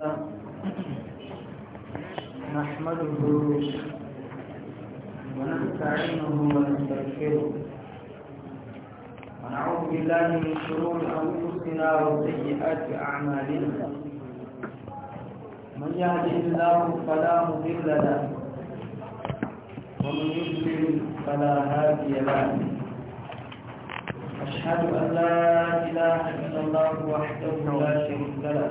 نحمده ونستعينه ونستغفره ونعوذ بالله من شرور انفسنا وسيئات اعمالنا من يهد الله فلا مضل له ومن يضلل فلا هادي له اشهد ان لا اله الا الله وحده لا شريك له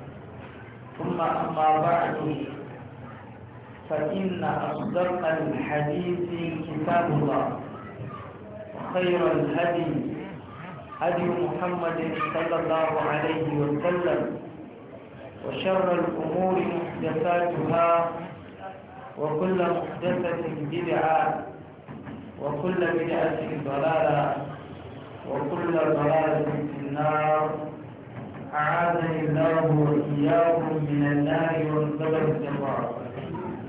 ثم أما بعد فإن أصدق الحديث كتاب الله وخير الهدي هدي محمد صلى الله عليه وسلم وشر الأمور محدثاتها وكل محدثة بدعة وكل بدعة ضلالة وكل ضلالة في النار أعاذني الله وإياكم من النار والقدر والبعض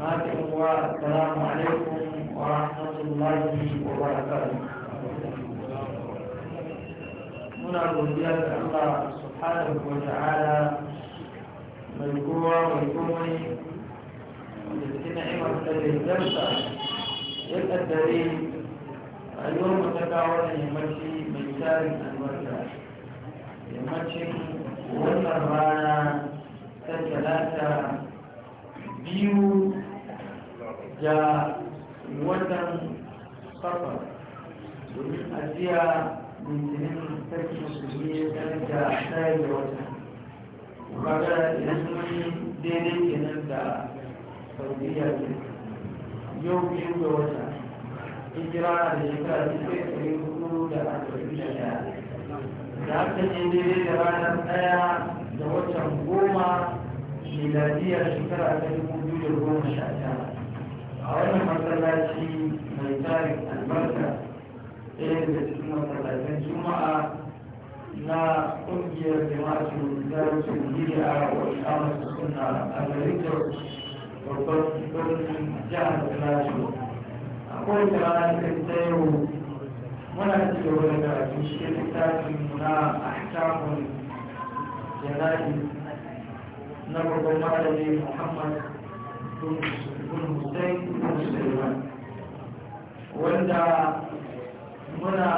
ما تقوى السلام عليكم ورحمة الله وبركاته هنا بوديات الله سبحانه وتعالى من قوة ويكون لسنة عمر سبيل درسة يبقى الدليل اليوم تتعاوني مجلس من شارك المرجع wannan rana ta talata biyu da watan safar domin ajiya mintinin sarki musulmi ya karanta tsaye da wata kaga idan wani daidai kenan da saudiya ne yau biyu da wata hijira da shekara ta ɗaya da hudu da arba'in da ɗaya da aka yi daidai da ranar ɗaya da watan goma miladiyar shekara ta dubu biyu da goma sha tara a wannan masallaci mai tarin albarka ɗaya daga cikin masallacin juma'a na ƙungiyar jama'a su zaru gidi a wani amurka suna a garin babban birnin jihar lashe akwai da ta yi muna cikin wani karatu cikin littafin na ahkamul jana'i na babban malami muhammad bin hussein bin sulaiman wanda muna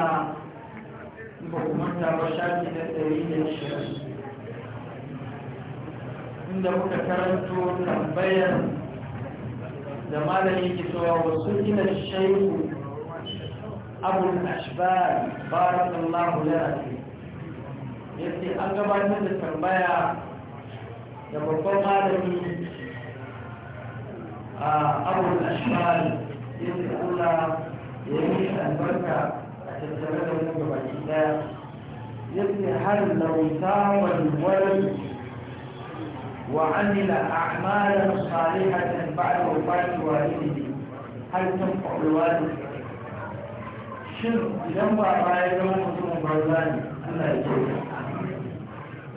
hukumanta ba shafi na ɗari da shirin inda muka karanto tambayar da malami ke cewa wasu ila shaiku أبو الأشبال بارك الله لك يأتي أقبى من التربية يقول قوم هذا أبو الأشبال يأتي أولا يميل البركة تتبقى لك بعيدا يأتي هل لو ساوى الولد وعمل أعمالا صالحة بعد وفاة والده هل تنفع الوالد shin idan ba ba ya zama mutumin banza ne Allah ya kyauta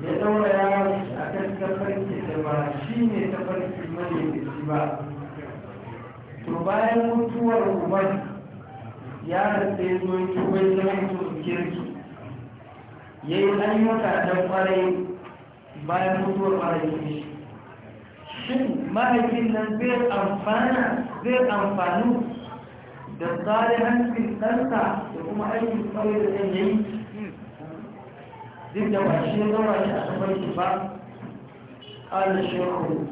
ya daura yaron shi a kan tafarki da ba shi ne tafarki madaidaici ba to bayan mutuwar uban ya da ya zo ya tuba ya zama mutumin kirki ya yi ayyuka don kwarai bayan mutuwar kwarai shi shin mahaifin nan zai amfana zai amfanu da salihancin ɗansa da kuma aikin kawai da zai yi duk da ba shi zama shi a tafarki ba ƙalar shekaru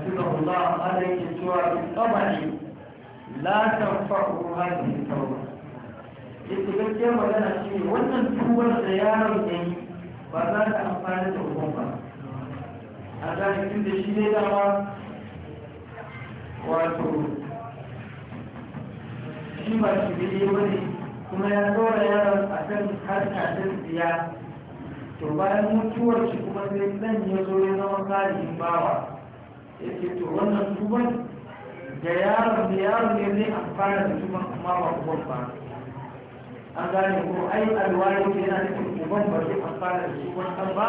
حفظه الله قال يسوع بالطبع لا تنفعه هذه التوبه يتذكر magana ce wannan tubar da yaron ya yi ba za ta amfani da uban ba a zalikin da shi ne dama wato shi ba shi biyu ne kuma ya tsora yaron a kan harka ta tsiya to bayan mutuwar shi kuma sai ɗan ya zo ya zama salihin bawa ya ce to wannan tuban da yaron da yaron ne zai amfana da tuban amma ba uban ba an gane ko ai alwari ke yana nufin uban ba zai amfana da tuban ɗan ba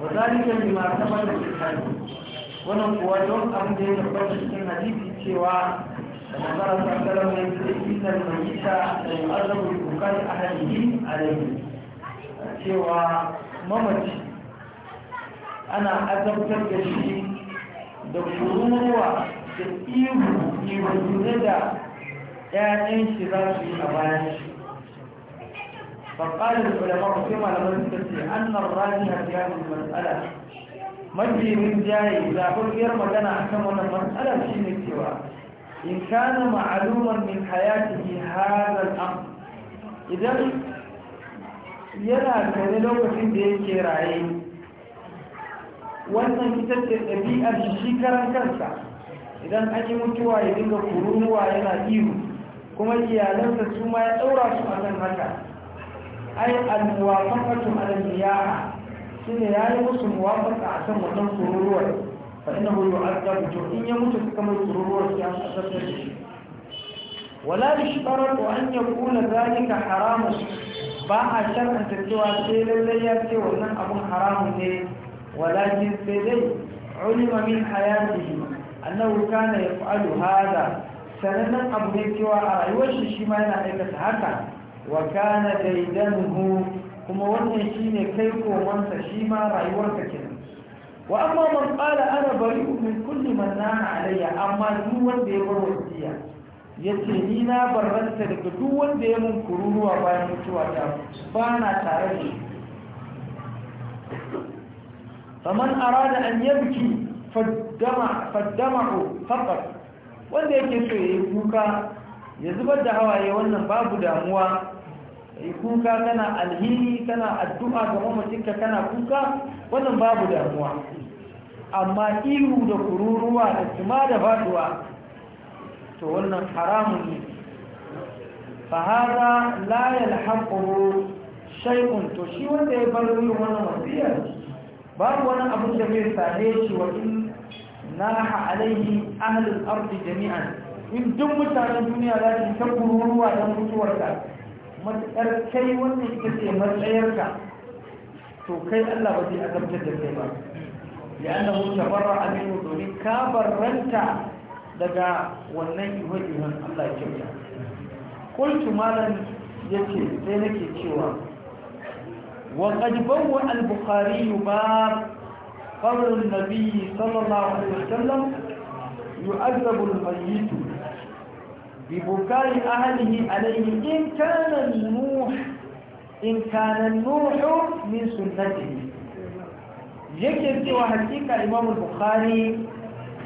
wa zalika lima tabbata da shi wannan kuwa don abin da ya tabbata cikin hadisi cewa وقال صلى الله عليه وسلم إن الميت ليعذب ببكاء أهله عليه cewa mamaci ana azabtar da shi da kururuwa da ihu ihu da ‘ya'yan shi za su yi a bayan shi فقال العلماء كما لم تستطيع أن الراجح في هذه المسألة مجري من جاي إذا قل غير مجانا أكمل المسألة في نكتوى in kana ma'alumar min hayatihi ke al-amr idan yana tare lokacin da yake raye wannan ita ce ɗabi'ar shi karan kansa idan an yi mutuwa ya dinga kururuwa yana ihu kuma iyalansa su ma ya ɗaura su a kan haka ai al-muwafaqatu ala al-niyaha shine yayi musu muwafaqa a kan wannan kururuwar فإنه يعذب إن يموت كما الضرورة في أسفل ولا يشترط أن يكون ذلك حراما باع شرعا تتوى سيلا لياتي وأن أبو حرام ليه ولكن سيدي علم من حياته أنه كان يفعل هذا سنن أبو ديتوى على يوش شمال أيكس هكا وكان ديدنه kuma wannan shi ne kai komansa shi ma rayuwarsa ke wa amma man qala ana bari'u min kulli man nana alayya amma duk wanda ya bar wasiya yace ni na barranta daga duk wanda ya mun kururuwa bayan mutuwa ta ba na tare da shi faman arada an yabki faddama faddamahu faqat wanda yake so yayi kuka ya zubar da hawaye wannan babu damuwa yi kuka kana alhini kana addu'a ga mamacinka kana kuka wannan babu damuwa amma ihu da kururuwa da cima da faduwa to wannan haramun ne fahara layar haƙuru shaikun to shi wanda ya bar yin wannan wasiyar babu wani abin da zai same shi wa in naha alaihi ahalin ardi jami'an in duk mutanen duniya za su ta kururuwa don mutuwarka matuƙar kai wannan ita ce matsayarka to kai Allah ba zai azabtar da kai ba ya an lahu tabarra aminu domin ka barranta daga wannan ihwajihan Allah ya kyauta kultu ya ce sai nake cewa wa qad bawwa al-bukhari bab قول النبي صلى الله عليه وسلم يؤذب الميت ببكاء أهله عليه إن كان النوح إن كان النوح من سنته yake cewa hakika imamul bukhari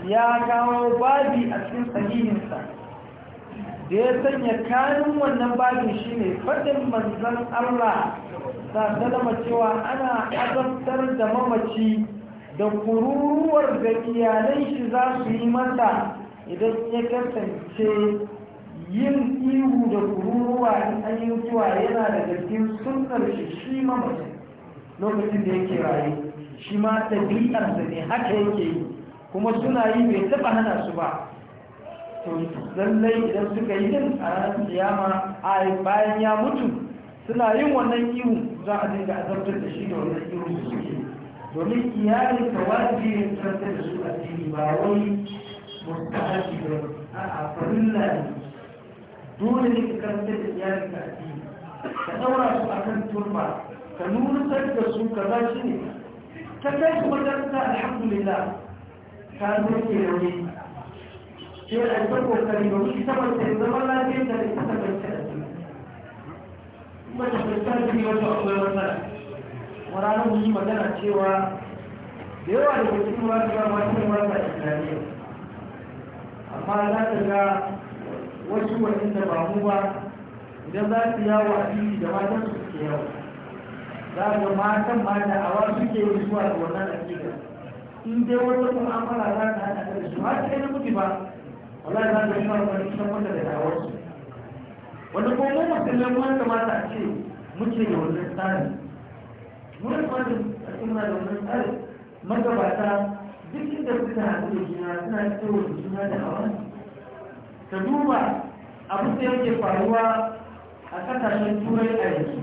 ya kawo babi a cikin sahihinsa da ya sanya kanin wannan babin shine faɗin manzan Allah ta salama cewa ana azabtar da mamaci da kururuwar da iyalai shi za su yi mata idan ya kasance yin ihu da kururuwa in an yi yana da cikin karshe shi ma lokacin da yake raye shi ma da ne haka yake yi kuma suna yi bai taɓa hana su ba to lallai idan suka yi din a ranar siyama a bayan ya mutu suna yin wannan ihu za a dinga azabtar da shi da wannan ihu su suke domin iyalin ka wajibi ne da su a ba wai a ba a farilla ne dole ne ka karanta da iyalin ka addini ka daura su akan turba ka nuna da su ka ba shi ne ka kai su ta alhamdulillah ka ke rauni ke a yi kokari ba wuce saboda ya zama lafiyar da ita ta kanta a cikin wata fuskan da ne wata akwai matsala wani ranar yi magana cewa da yawa da cikin wata ba wata wata islamiyya amma za ta ga wasu waɗanda ba mu ba idan za su yawo a fili da matan su suke yawo za ga matan ma da awa suke yi zuwa da wannan aƙida in dai wata fara za ta haɗa da su har sai na muke ba wallahi za ta shawar wani kusan wanda da dawar su wanda ko mu musulmai mun kamata a ce muke da wannan tsarin mun kuma a ce muna da wannan tsarin magabata duk inda suka haɗu da juna suna cewa juna da hawa ta duba abin da yake faruwa a kasashen turai a yanzu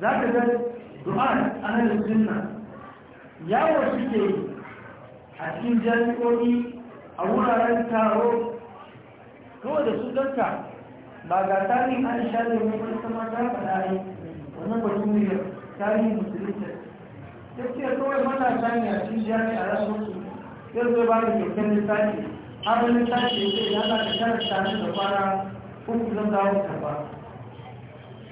za ka ga du'an ahalin sunna yawo suke yi a cikin jami'o'i a wuraren taro kawai da su danta ba ga tarihin an shaɗe wani sama ta faɗa ne wani batun ne tarihin musulunta ta ce kawai matasa ne a cikin jami'a rasu su yanzu ba da kyautar lissafi har wani tashi ya ce ya za ka karanta nan da fara uku zan dawo ta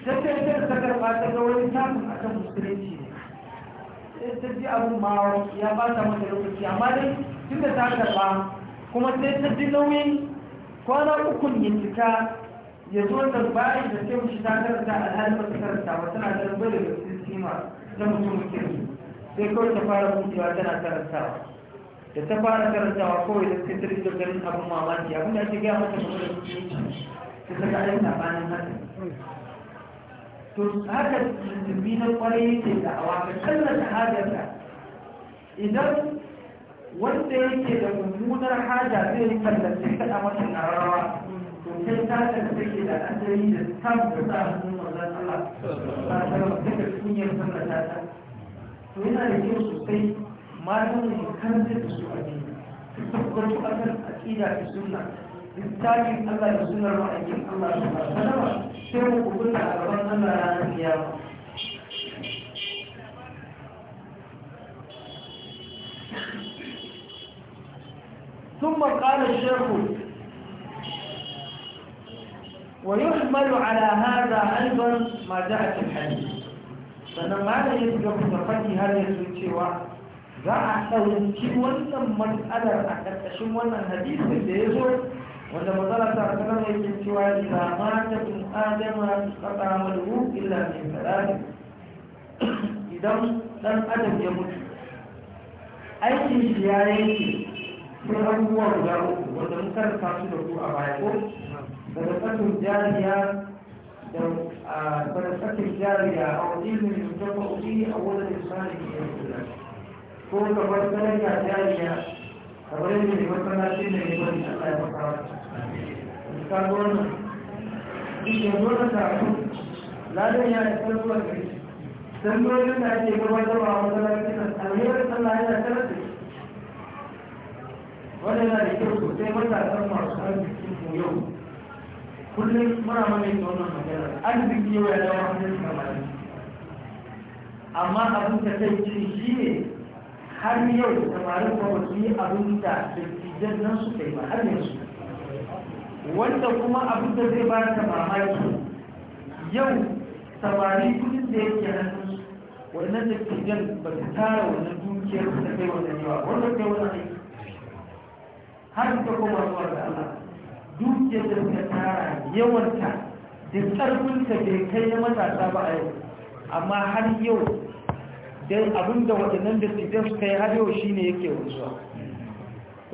sai ta yi ta karba ta ga wani tamun a kan musulunci ne sai ta ji abin ma ya ba ta mata lokaci amma dai tun da ta karba kuma sai ta ji nauyin kwana ukun ya cika ya zo da bayan da sai mushi ta karanta a ba ta karanta ba tana da rubar da musulunci ma ta mutum kirki sai kawai ta fara mutuwa tana karantawa da ta fara karantawa kawai da suka tare da ganin abin mamaki abin da ake gaya mata da wani su ta kare sabanin haka to haka musulmi na kwarai yake da awa ka kallon hajarka idan wanda yake da mummunar haja zai kallace da mata ƙararrawa to kai ta kanta ke da asali da sam da sa hannun da Allah ta kallon daga kunyar yin da ta to yana da kyau sosai ما يوني كنز السؤالين تذكر أثر أكيدة في السنة بالتالي الله يسنى الرأيين الله سبحانه وتعالى شو قلنا أربعنا ما يعني ثم قال الشيخ ويحمل على هذا أيضا ما جاء في الحديث فأنا ما لا يبقى في هذه الوجهة za a ɗauki wannan matsalar a ƙarƙashin wannan hadisin da ya zo wanda matsala ta sanar da yake cewa idan ma ta tun adama tsaka malhu illa min salati idan dan adam ya mutu aikin shi ya yanke sai abubuwa guda uku wanda mun karanta su da ku a baya ko daga tsakin jariya da daga tsakin jariya a wajen da ya tafa uji a wajen da ya sani ya yi ko kamar sanarwa jariya kamar yadda ne matsalaci ne ne wani Allah ya faɗa wata ka ga wannan iya zuwa tafi ladan ya yi sarkuwa gari sandolin da ake gabatarwa a matsalaci na alherin Allah yana tarar da shi wannan yana da kyau sosai matasan masu arziki mu yau kullum muna mana yin wannan magana arziki yau ya dawo hannun kamar amma abin da kai ce shi ne har yau da samarin ba wasu yi abin da dattijan nan su yi ba har yanzu wanda kuma abin da zai ba ta mamaki yau samari kudin da yake su wannan dattijan ba ta tara wannan dukiyar da kai wannan yawa wanda kai wannan aiki har ta koma zuwa ga Allah dukiyar da suka tara yawanta da tsarkunta bai kai na matasa ba a yau amma har yau don abinda waɗannan biskitan suka yi har yau shi ne yake wanzuwa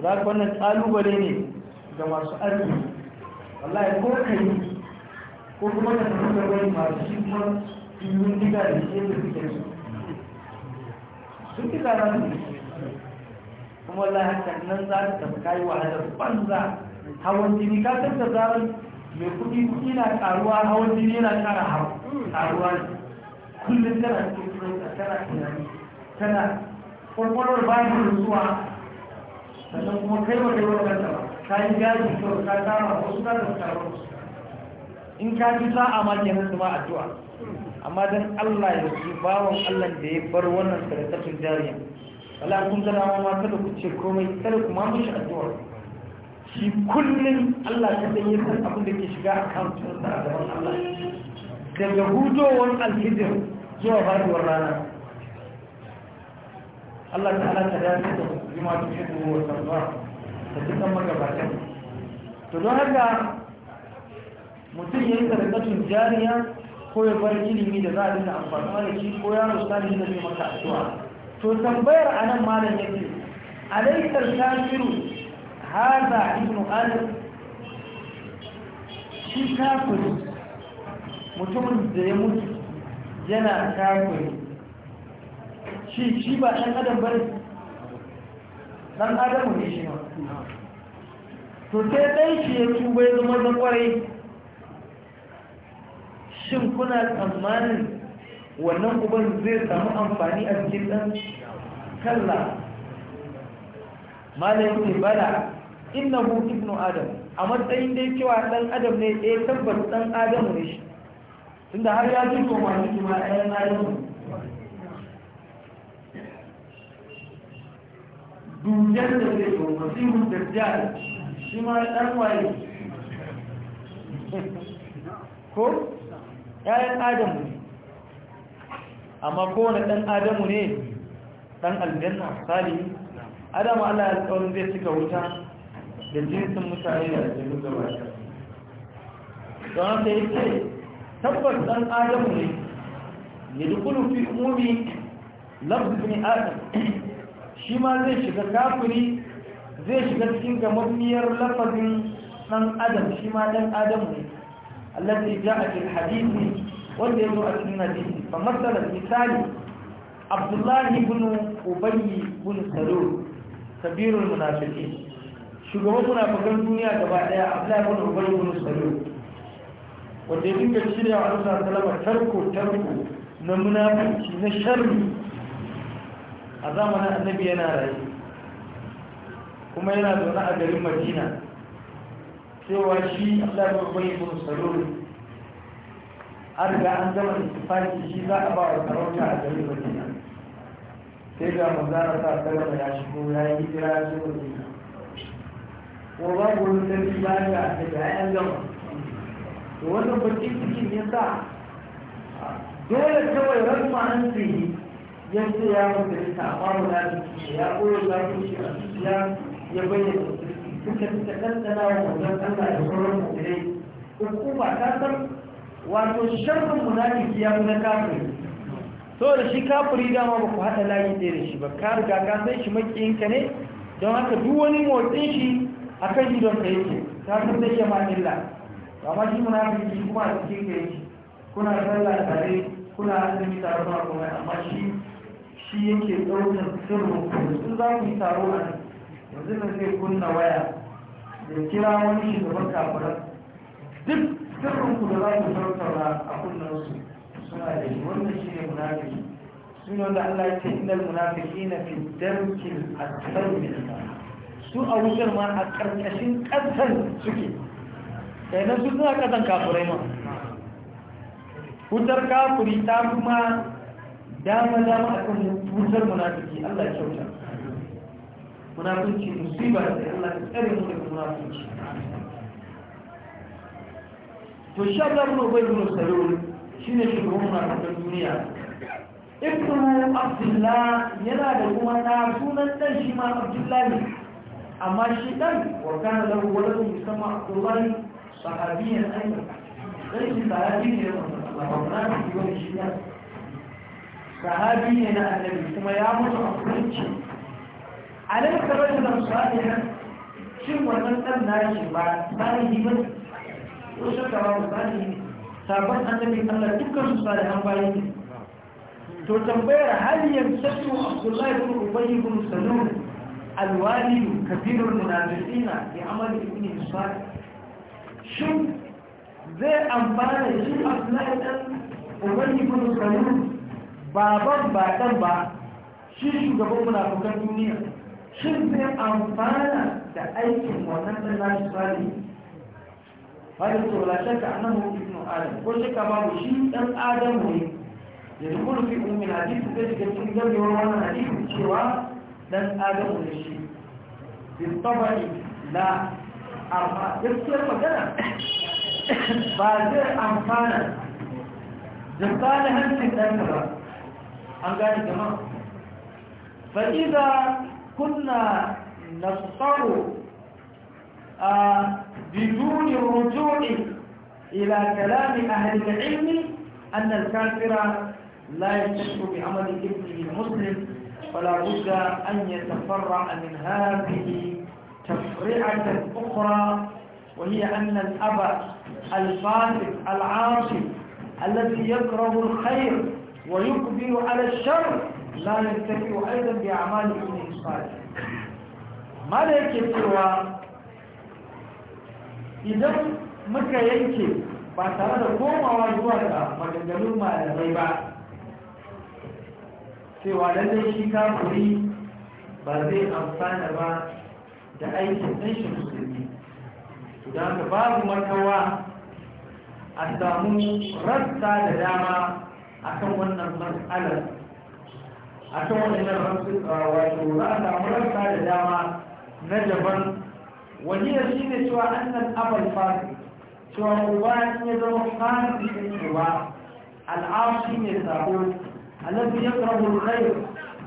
za ku wannan ƙalubale ne ga masu arziki wallahi ko ka yi ko kuma ka tafi da wani masu shi kuma yin diga da ke biskitan su sun fi tsara su kuma wallahi haka nan za ka tafi kayi wahalar banza hawan jini ka san da zarar mai kuɗi kudi na karuwa hawan jini yana ƙara hawa karuwa ne kullum tana cikin tana tunani tana kwakwalwar bayan nutsuwa sannan kuma kai wa kai wannan ba ka yi gaji kawai ka kama wasu na da taron in ka ji sa'a ma ke nan ma addu'a amma don Allah ya ji bawon Allah da ya bar wannan sadaqatul jariya wala kun zana ma kada ku ce komai kada ku ma mishi addu'a shi kullum Allah ka san yin abin da ke shiga akawuncin sa a gaban Allah daga hudowar alhijir zuwa faduwar rana Allah ta'ala ta dace da jima ta ce ko wata ba ta magabatan to don haka mutum ya yi zargatun jariya ko ya bar ilimi da za a dinga amfani da shi ko yaro sani da zai maka addu'a to tambayar anan malam yake alaikar kafiru hadha ibnu adam shi kafiri mutumin da ya mutu yana kafiri shi shi ba ɗan adam ba ne. ɗan adamu ne shi ma to sai ɗan shi ya tuba ya zama da ƙwarai shin kuna tsammanin wannan uban zai samu amfani a cikin ɗan kalla malayin ne bala innahu ibnu adam a matsayin dai cewa ɗan adam ne ɗaya eh tabbas ɗan adamu ne shi tunda har ya ji to ma ma ɗayan adamu dujen da zai zo masihun dajjal shi ma ɗan waye ko ‘ya'yan adamu ne amma kowane ɗan adamu ne ɗan aljanna salihi adamu allah ya tsawon zai cika wuta da jinsin mutane da aljanu gaba ta don haka ya ce tabbas ɗan adamu ne ya dukulu fi umumi lafzubin adam shi ma zai shiga kafiri zai shiga cikin gamammiyar lafazin ɗan adam shi ma ɗan adam ne ja a cikin hadisi wanda ya zo a cikin hadisi ba matsala misali abdullahi ibn ubayy ibn salo kabirul munafiki shugaban munafikan duniya gaba daya abdullahi ibn ubayy ibn salo wanda ya dinga shirya a Allah sallama tarko tarko na munafiki na sharri a zamanin annabi yana raye kuma yana zaune a garin madina cewa shi allah ya bai mun salon an ga an gama istifaki shi za a ba wa sarauta a garin madina sai ga manzara sa sarrafa ya shigo ya yi kira ya shigo madina ko ba ku wani sarki ba ga annabi ai yan gama to wannan bakin cikin ya sa dole kawai ma an tsihi yadda ya mutunta amma muna jiki ya koya zafin shi a zuciya ya bayyana suka fita kankana wa wannan allah da ko mutane hukuma ka san wato sharrin munafiki ya na kafin so da shi kafiri dama ba ku haɗa layi ɗaya da shi ba ka riga ka san shi ka ne don haka duk wani motsin shi a kan idon ka yake ta san zai yama illa amma shi munafiki kuma a cikin ka yake kuna sallah tare kuna azumi tare kuma kuma amma shi shi yake ɗaukar sirrin yanzu za ku yi taro a nan yanzu nan zai kunna waya da kira wani shugaban kafiran duk sirrin ku da za ku tattauna a kunnan su suna da shi wannan shi ne munafiki sun wanda Allah ya ce munafiki na fi darkil asfal min su a wutar ma a ƙarƙashin ƙasar suke kenan su suna kasan kafurai ma wutar kafuri ta kuma dama dama kan wutar munafiki Allah ya kyauta munafiki musiba da Allah ya tsare mu daga munafiki to sha da mu bai mu sarau shine shugaban munafikan duniya ibnu abdullah yana da kuma na sunan dan shi ma abdullah amma shi dan wa kana lahu waladun musamma abdullahi sahabiyan ayyuka dan shi sahabi ne wannan Allah ba na shi wani shi sahabi ne na annabi kuma ya mutu a kurci a nan kamar da nan. shin wannan ɗan nashi ba yi salihi ba ko shakka ba salihi sabon annabi Allah dukkan su salihan bayan ne to tambayar hal yamsasu Abdullahi ibn sanu ibn Salul alwalidu na munafiqina ya amali ibn Musa shin zai amfana shi Abdullahi ibn Ubay ibn sanu? baban ba ɗan ba shi shugaban munafukan duniya shi zai amfana da aikin wannan ɗan nashi sani hada to la shakka annahu ibnu adam ko shakka babu shi ɗan adam ne da dukkan fi ummin hadisi da shiga cikin gamewar wannan hadisu cewa ɗan adam ne shi bi tabari la amma gaskiyar magana ba zai amfana da salihancin ɗanka ba an gane jama'a fa idza kunna nasaru a biduni rujui ila kalami ahli al-ilm an al-kafira la yashku bi amali ibnihi muslim فلا بد أن يتفرع من هذه تفرعة أخرى وهي أن الأب الفاسد العاصي الذي يكره الخير ويقدر على الشر لا يكتفي ايضا بأعمال ابن الصالح ما لا يكفر إذا مكة ينكر بعد قوم وعجوة مجدلون ما الغيبة سوى لدي شكا فري بردي أمسان با da aikin ɗan shi musulmi da babu makawa a samu rasta da dama akan wannan matsalar akan wannan rasu ah, wato za a samu rasa da dama na daban wani da shi ne cewa annan abal fasi cewa uba ya zama fasi ne uba al'ashi ne sabo alabi ya karbu rai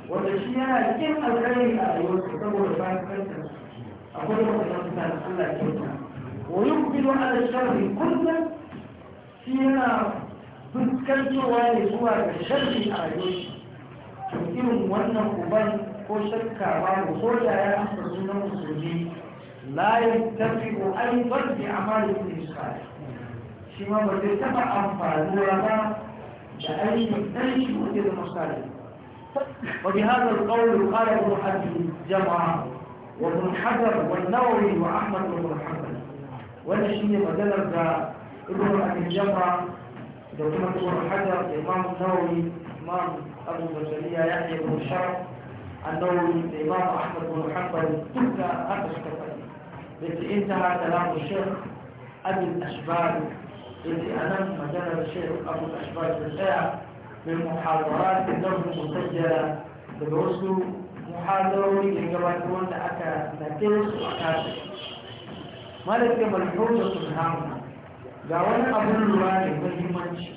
wanda shi yana cikin alkhairi a rayuwarsa saboda fasikansa akwai wata mutane Allah kyauta wa yukbilu ala sharri kullum shi yana fuskantowa ne zuwa ga sharri a yoshi to irin wannan uban ko shakkawa ko ko da ya amsa sunan musulmi la yantafi'u aidan bi amalikum salih shi ma ba zai taba amfanuwa ba da aikin dan shi ko da musali وبهذا القول قال ابن حجر جماعة وابن حجر والنووي وأحمد بن حنبل ولا شيء بدل ابن أبي جمرة da kuma tsohon hajar imam nawawi imam abu bashariya ya ne bushar annawawi da imam ahmad bin hanbal duka haka suka faɗi da ke intaha kalamu shekh abin ashbari التي أمام مجال الشيخ أبو الأشبال بالساعة من محاضرات الدرس المسجلة بدرسه محاضرة لجواتون أكا نتيس وأكاسك مالك ملحوظة هامة ga wani abin lura da muhimmanci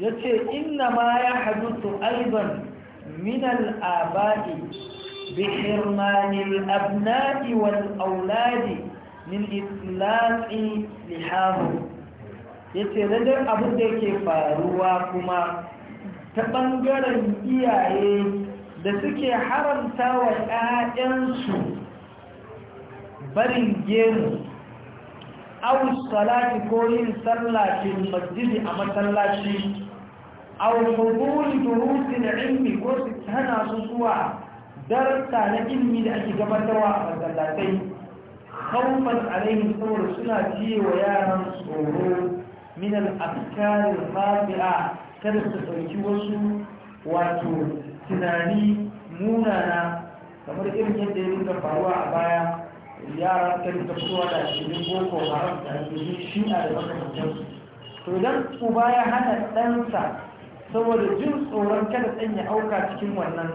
ya ce inna ma ya hajjutu aiban minal aba'i bihirmanil abna'i wal auladi min itlaqi lihahum yace na duk abin da yake faruwa kuma ta ɓangaren iyaye da suke haramta wa ‘ya'yansu barin gemu au salati ko yin sallacin masjidi a masallaci au da durusin ilmi ko su hana su zuwa darsa na ilmi da ake gabatarwa a masallatai kawfan alaihin saboda suna ciye wa yaran tsoro minan al-afkar kada su ɗauki wasu wato tunani munana kamar irin yadda ya rinka faruwa a baya yara ta fitowa da shirin boko haram da shirin shi'a da makamantarsu to idan uba ya hana ɗansa saboda jin tsoron kada ɗan ya auka cikin wannan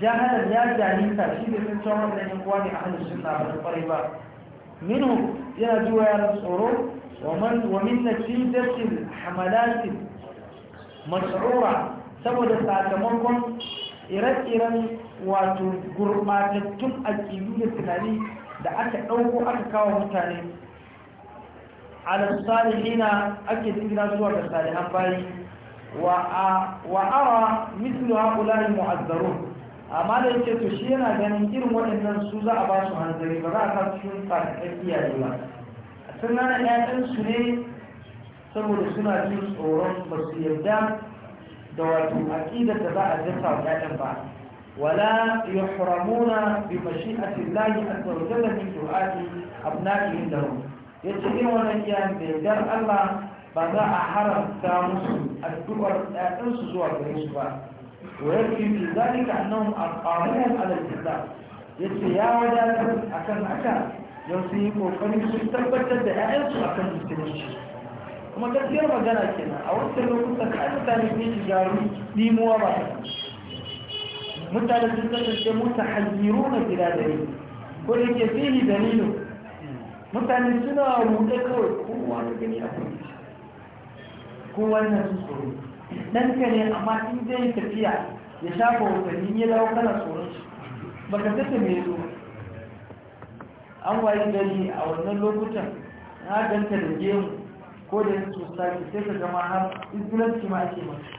jahalar ya jani ta shi da sun cewa wannan yan uwa ne a hannun suna ba da kwarai ba minu yana jiwa yaran tsoro ومن ومن نتيجة الحملات مشروعة saboda sakamakon ire-iren wato gurbatattun aƙidu da tunani da aka ɗauko aka kawo mutane alisalihina ake jingina zuwa ga salihan bayi wa ara mislu haƙulari mu'azzaru amma da yake to shi yana ganin irin waɗannan su za a ba su hanzari ba za a kan cikin tsakin iyaye ba sun hana ‘ya'yansu ne saboda suna jin tsoron ba su yarda da wato aƙidar da za a jefa wa ‘ya'yan ba wala yuhramuna bi mashi'ati Allah azza wa jalla min du'ati abna'ihim lahum yace in wannan iyayen da Allah ba za a haramta musu addu'ar ‘ya'yansu zuwa gare su ba ويكفي في ذلك أنهم أقاموهم ya الإسلام يتسيا وجالا أكن أكا don sun yi kokarin sun tabbatar da ‘ya'yansu a kan musulunci kuma gaskiyar magana kenan a wancan lokuta ka mutane ne shi garu limuwa ba mutane sun kasance mutu hanyiru na gida da yi ko da ke fili dalilu mutane suna ruɗe kawai kowa da gani a kuma kowa yana su tsoro ɗan ka ne amma in zai tafiya ya shafa watanni ya dawo kana tsoron shi baka tattabe ya zo an wayi gari a wannan lokutan na danta da gemu ko da yin sosai sai ka zama har izilanci ma ake masu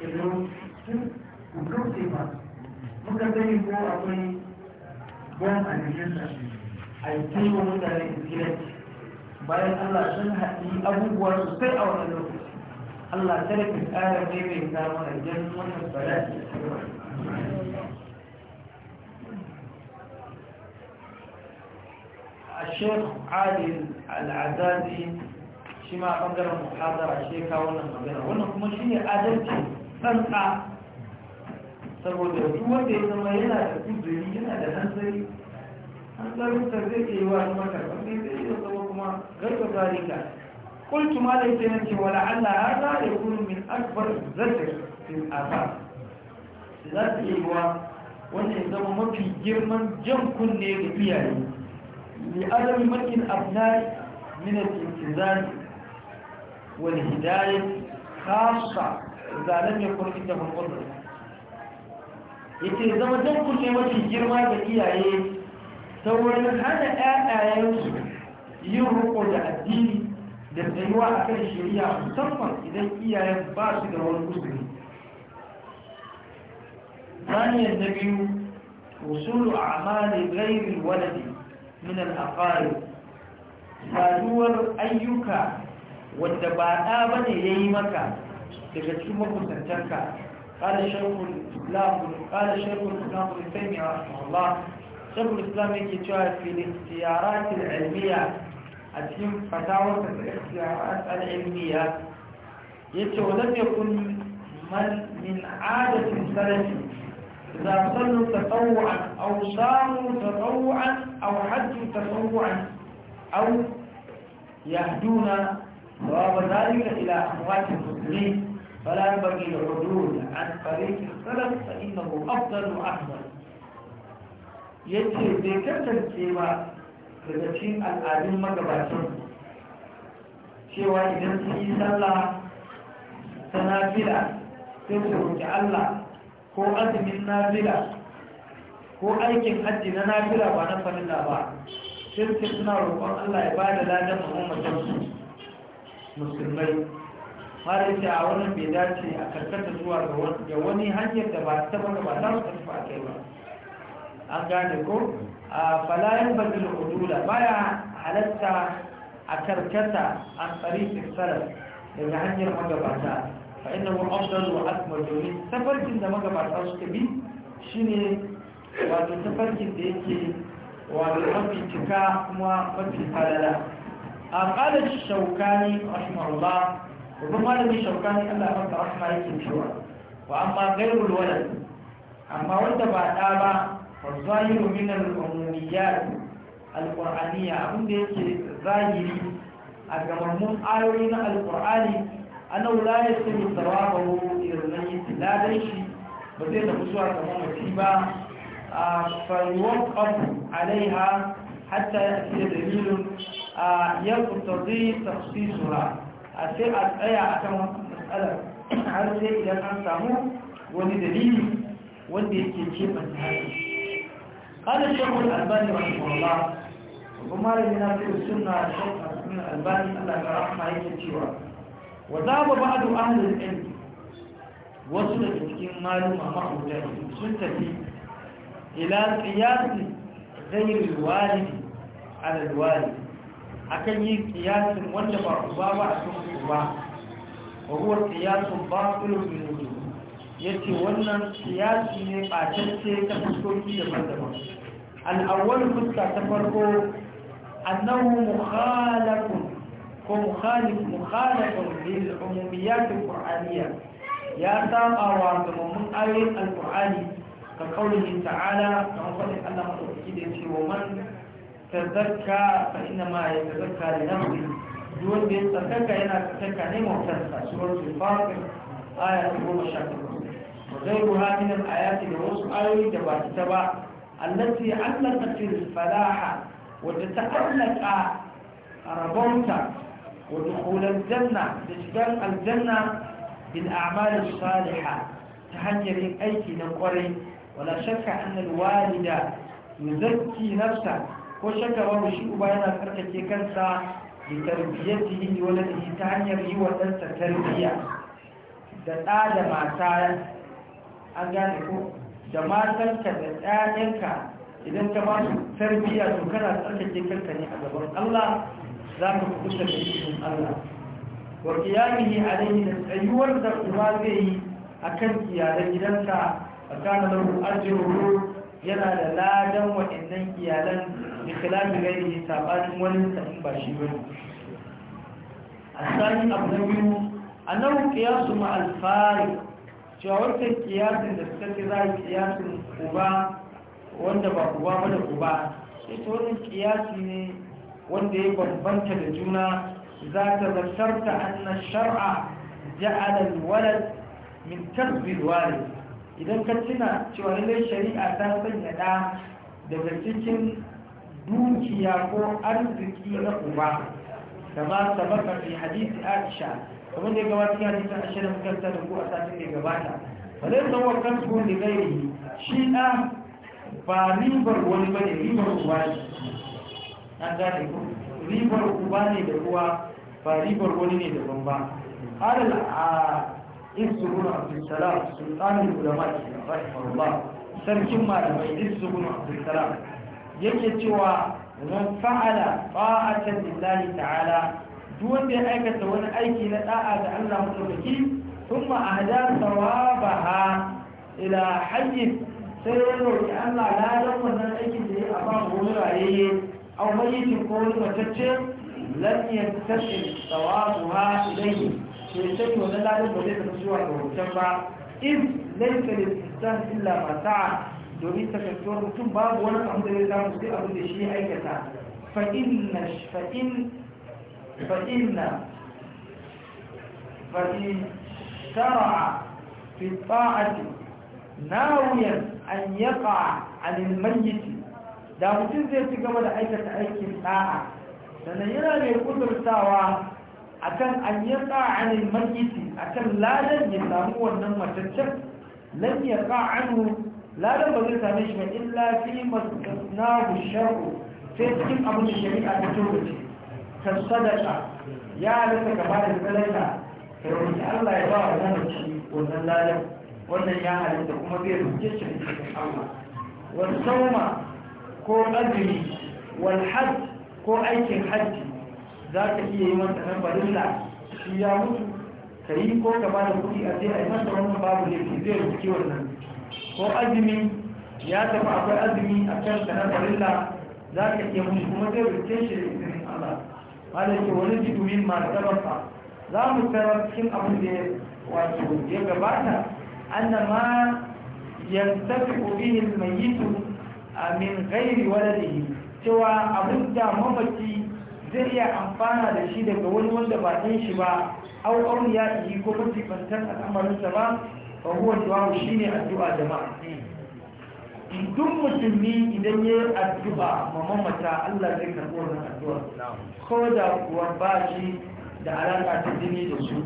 idan sun kukurce ma muka sani ko akwai bom a jikinsa a yi taiwa mutane izilanci bayan allah sun haɗi abubuwa sosai a wannan lokutan. allah tare ka ƙara maimaita mana jan wannan bala'i a cikin a shek ali al'adadi shi ma a ɓangaren muhazara a ka wannan magana wannan kuma shi ne adalci tsantsa saboda duk wanda ya zama yana da kuzuri yana da hanzari hanzarinsa zai iya yi wa kuma karɓar ne zai iya zama kuma garba zarika kultu ma da ita na ce wala allah ya za ya kuru min akbar zarta fil asa za su iya yi wa ya zama mafi girman jan kunne da iyaye لأنه يمكن الابناء من الالتزام والهدايه خاصه اذا لم يكن عندهم القدره إذا زمان دن كل شيء ماشي غير ما تقي عليه تقول ان هذا ايه يروق الدين ده بنوع اكل الشريعه مصطفى اذا هي ايه باش ده هو المسلم ثانيا النبي وصول اعمال غير الولد min al-aqari saduwar ayyuka wanda ba ne ya yi maka daga cikin makusantanka qala shaykhul islam qala shaykhul islam ibn taymiyyah rahimahullah shaykhul islam yake cewa fil istiyarat a cikin fatawar ta istiyarat al ya ce wa lam kun man min adadin sarari. إذا صلوا تطوعا أو صاموا تطوعا أو حجوا تطوعا أو يهدون ثواب ذلك إلى أموات المسلمين فلا ينبغي العدول عن طريق السلف فإنه أفضل وأفضل. يجب bai kasance ba daga cikin al'adun magabatan cewa idan sun yi sallah ta nafila sai su roƙi ko azumin nafila ko aikin hajji na nafila ba na farilla ba shirka suna roƙon Allah ya bada ladan muhammadu musulmai har yace a wannan bai dace a karkata zuwa ga wani hanyar da ba ta baka ba za su tafi a kai ba an gane ko a falayin bazil hudula baya halatta a karkata an tsari sarar daga hanyar magabata فإنه wa وأكمل domin tafarkin da magabata suka bi shine wato tafarkin da yake wato mafi cika kuma mafi falala a ƙalar shaukani rahimahullah babban malami shaukani Allah maka rahma yake cewa wa amma gairul walad amma wanda ba ɗa ba fa zahiru min al-umumiyyat al-qur'aniyya abinda yake zahiri a gamammun ayoyi na al-qur'ani annahu la yastami thawabahu ila al-mayyit la dai shi ba zai tafi zuwa ga mamaci ba fa yuwaqqaf alaiha hatta ya'ti dalilun yaqtadi takhsisuha a sai a tsaya akan wannan matsalar har sai idan an samu wani dalili wanda yake kebanta haka قال الشيخ الألباني رحمه الله وما لنا في albani الشيخ الألباني ألا كرحمة cewa. wa za ba ba'adu ahlul ilm wasu daga cikin maluma ma'abuta sun tafi ila qiyasi ghayril walidi ala alwalid akan yi qiyasin wanda ba uba ba a cikin uba wa huwa qiyasun batilun min wujud yace wannan qiyasi ne ba tantance ta daban-daban al ta farko annahu mukhalafun هو مخالف للعموميات القرآنية يا ساقا ومن آية القرآن كقوله تعالى نقول نعم، أن مؤكد ومن تذكى فإنما يتذكى لنفسه دون يتزكى هنا تزكى لمعتزة سورة الفاطر آية 10 وغيرها من الآيات الرسل آية تبع التي علقت الفلاح وتتعلق ربوتك ودخول الجنة تشكال الجنة بالأعمال الصالحة تهجر أيكي نقري ولا شك أن الوالد يزكي نفسه وشك ومشيء بين فرقة كنسة لتربيته لولده تهجر وتنسى التربية تتعاد ما تعالى أجانكو da matanka da ɗayanka idan ka ba su tarbiyya to kana tsarkake kanka ne a gaban Allah za ka kusa da shi Allah wa qiyamihi alayhi da tsayuwar da uba zai yi akan iyalan gidansa fakana lahu ajruhu yana da ladan waɗannan iyalan da kalamin gairi sabanin wani sa'in ba shi bane asali abu na annahu qiyasu ma al-fariq cewa wancan kiyasin da suka ce za ki kiyasin uba wanda ba uba ba da uba sai to wani kiyasi ne wanda ya bambanta da juna za ta zartarta annan shar'a ja'ala alwalad mintar tasbir idan ka tuna cewa lallai shari'a ta sanya ɗa daga cikin dukiya ko arziki na uba da ba ta baka fi hadisi aisha kamar da ya gabata ya nisa a shirin kanta da ku a satin da gabata ba zai zama kansu da gairi shi ɗa ba ribar wani bane ribar uba ne an gane ku ribar uba ne da uwa ba ribar wani ne da ba alal a izzugun abdulsalam sultanin ulama ke rahimahullah sarkin malamai izzugun abdulsalam yake cewa man fa'ala fa'atan lillahi ta'ala duk wanda ya aikata wani aiki na da'a da Allah madaukaki thumma ahda sawabaha ila hayy sai ya roki Allah ladan wannan aikin da ya ba mu wurare أو ميت يكون متجر لم يتسلم صوابها إليه في الشيء وأن لا يجب أن يجب أن إذ ليس للإنسان إلا ما سعى دوري تكتور ثم باب وانا إلى لله مصير أبو دشي أي كتاب فإن فإن فإن فإن شرع في الطاعة ناويا أن يقع عن الميت da mutum zai fi gaba da aikata aikin da'a sannan yana mai kudurtawa akan an yi tsa'anin makiti akan ladan ya samu wannan mataccen lan ya tsa'anu ladan ba zai same shi ba illa fi masnahu shar'u sai cikin abin da shari'a ta turbe kan sadaka ya halitta gaba da sadaka sai Allah ya ba wa mamaci wannan ladan wannan ya halitta kuma zai rubuce shi cikin Allah wasu sauma ko azumi wal ko aikin hajji za ka iya yi masa nan barilla shi ya mutu ka yi ko ka ba da kuɗi a zai a yi masa wannan babu laifi zai rubuke wannan ko azumi ya tafi akwai azumi a kan ka nan barilla za ka iya mutu kuma zai rubuke shi da izinin Allah malam wani ji domin masu tabbata za mu tarar cikin abu da wato ya gabata annama yantafi bihi yi mayyitu min gairi waladihi cewa abin da mamaci zai iya amfana da shi daga wani wanda ba ɗan shi ba au au ya yi ko mafi bantar al'amarinsa ba ba huwa du'a shi ne addu'a jama'a duk musulmi idan ya yi addu'a ma mamata Allah zai karɓi wannan addu'a ko da kuwa ba shi da alaƙa ta jini da su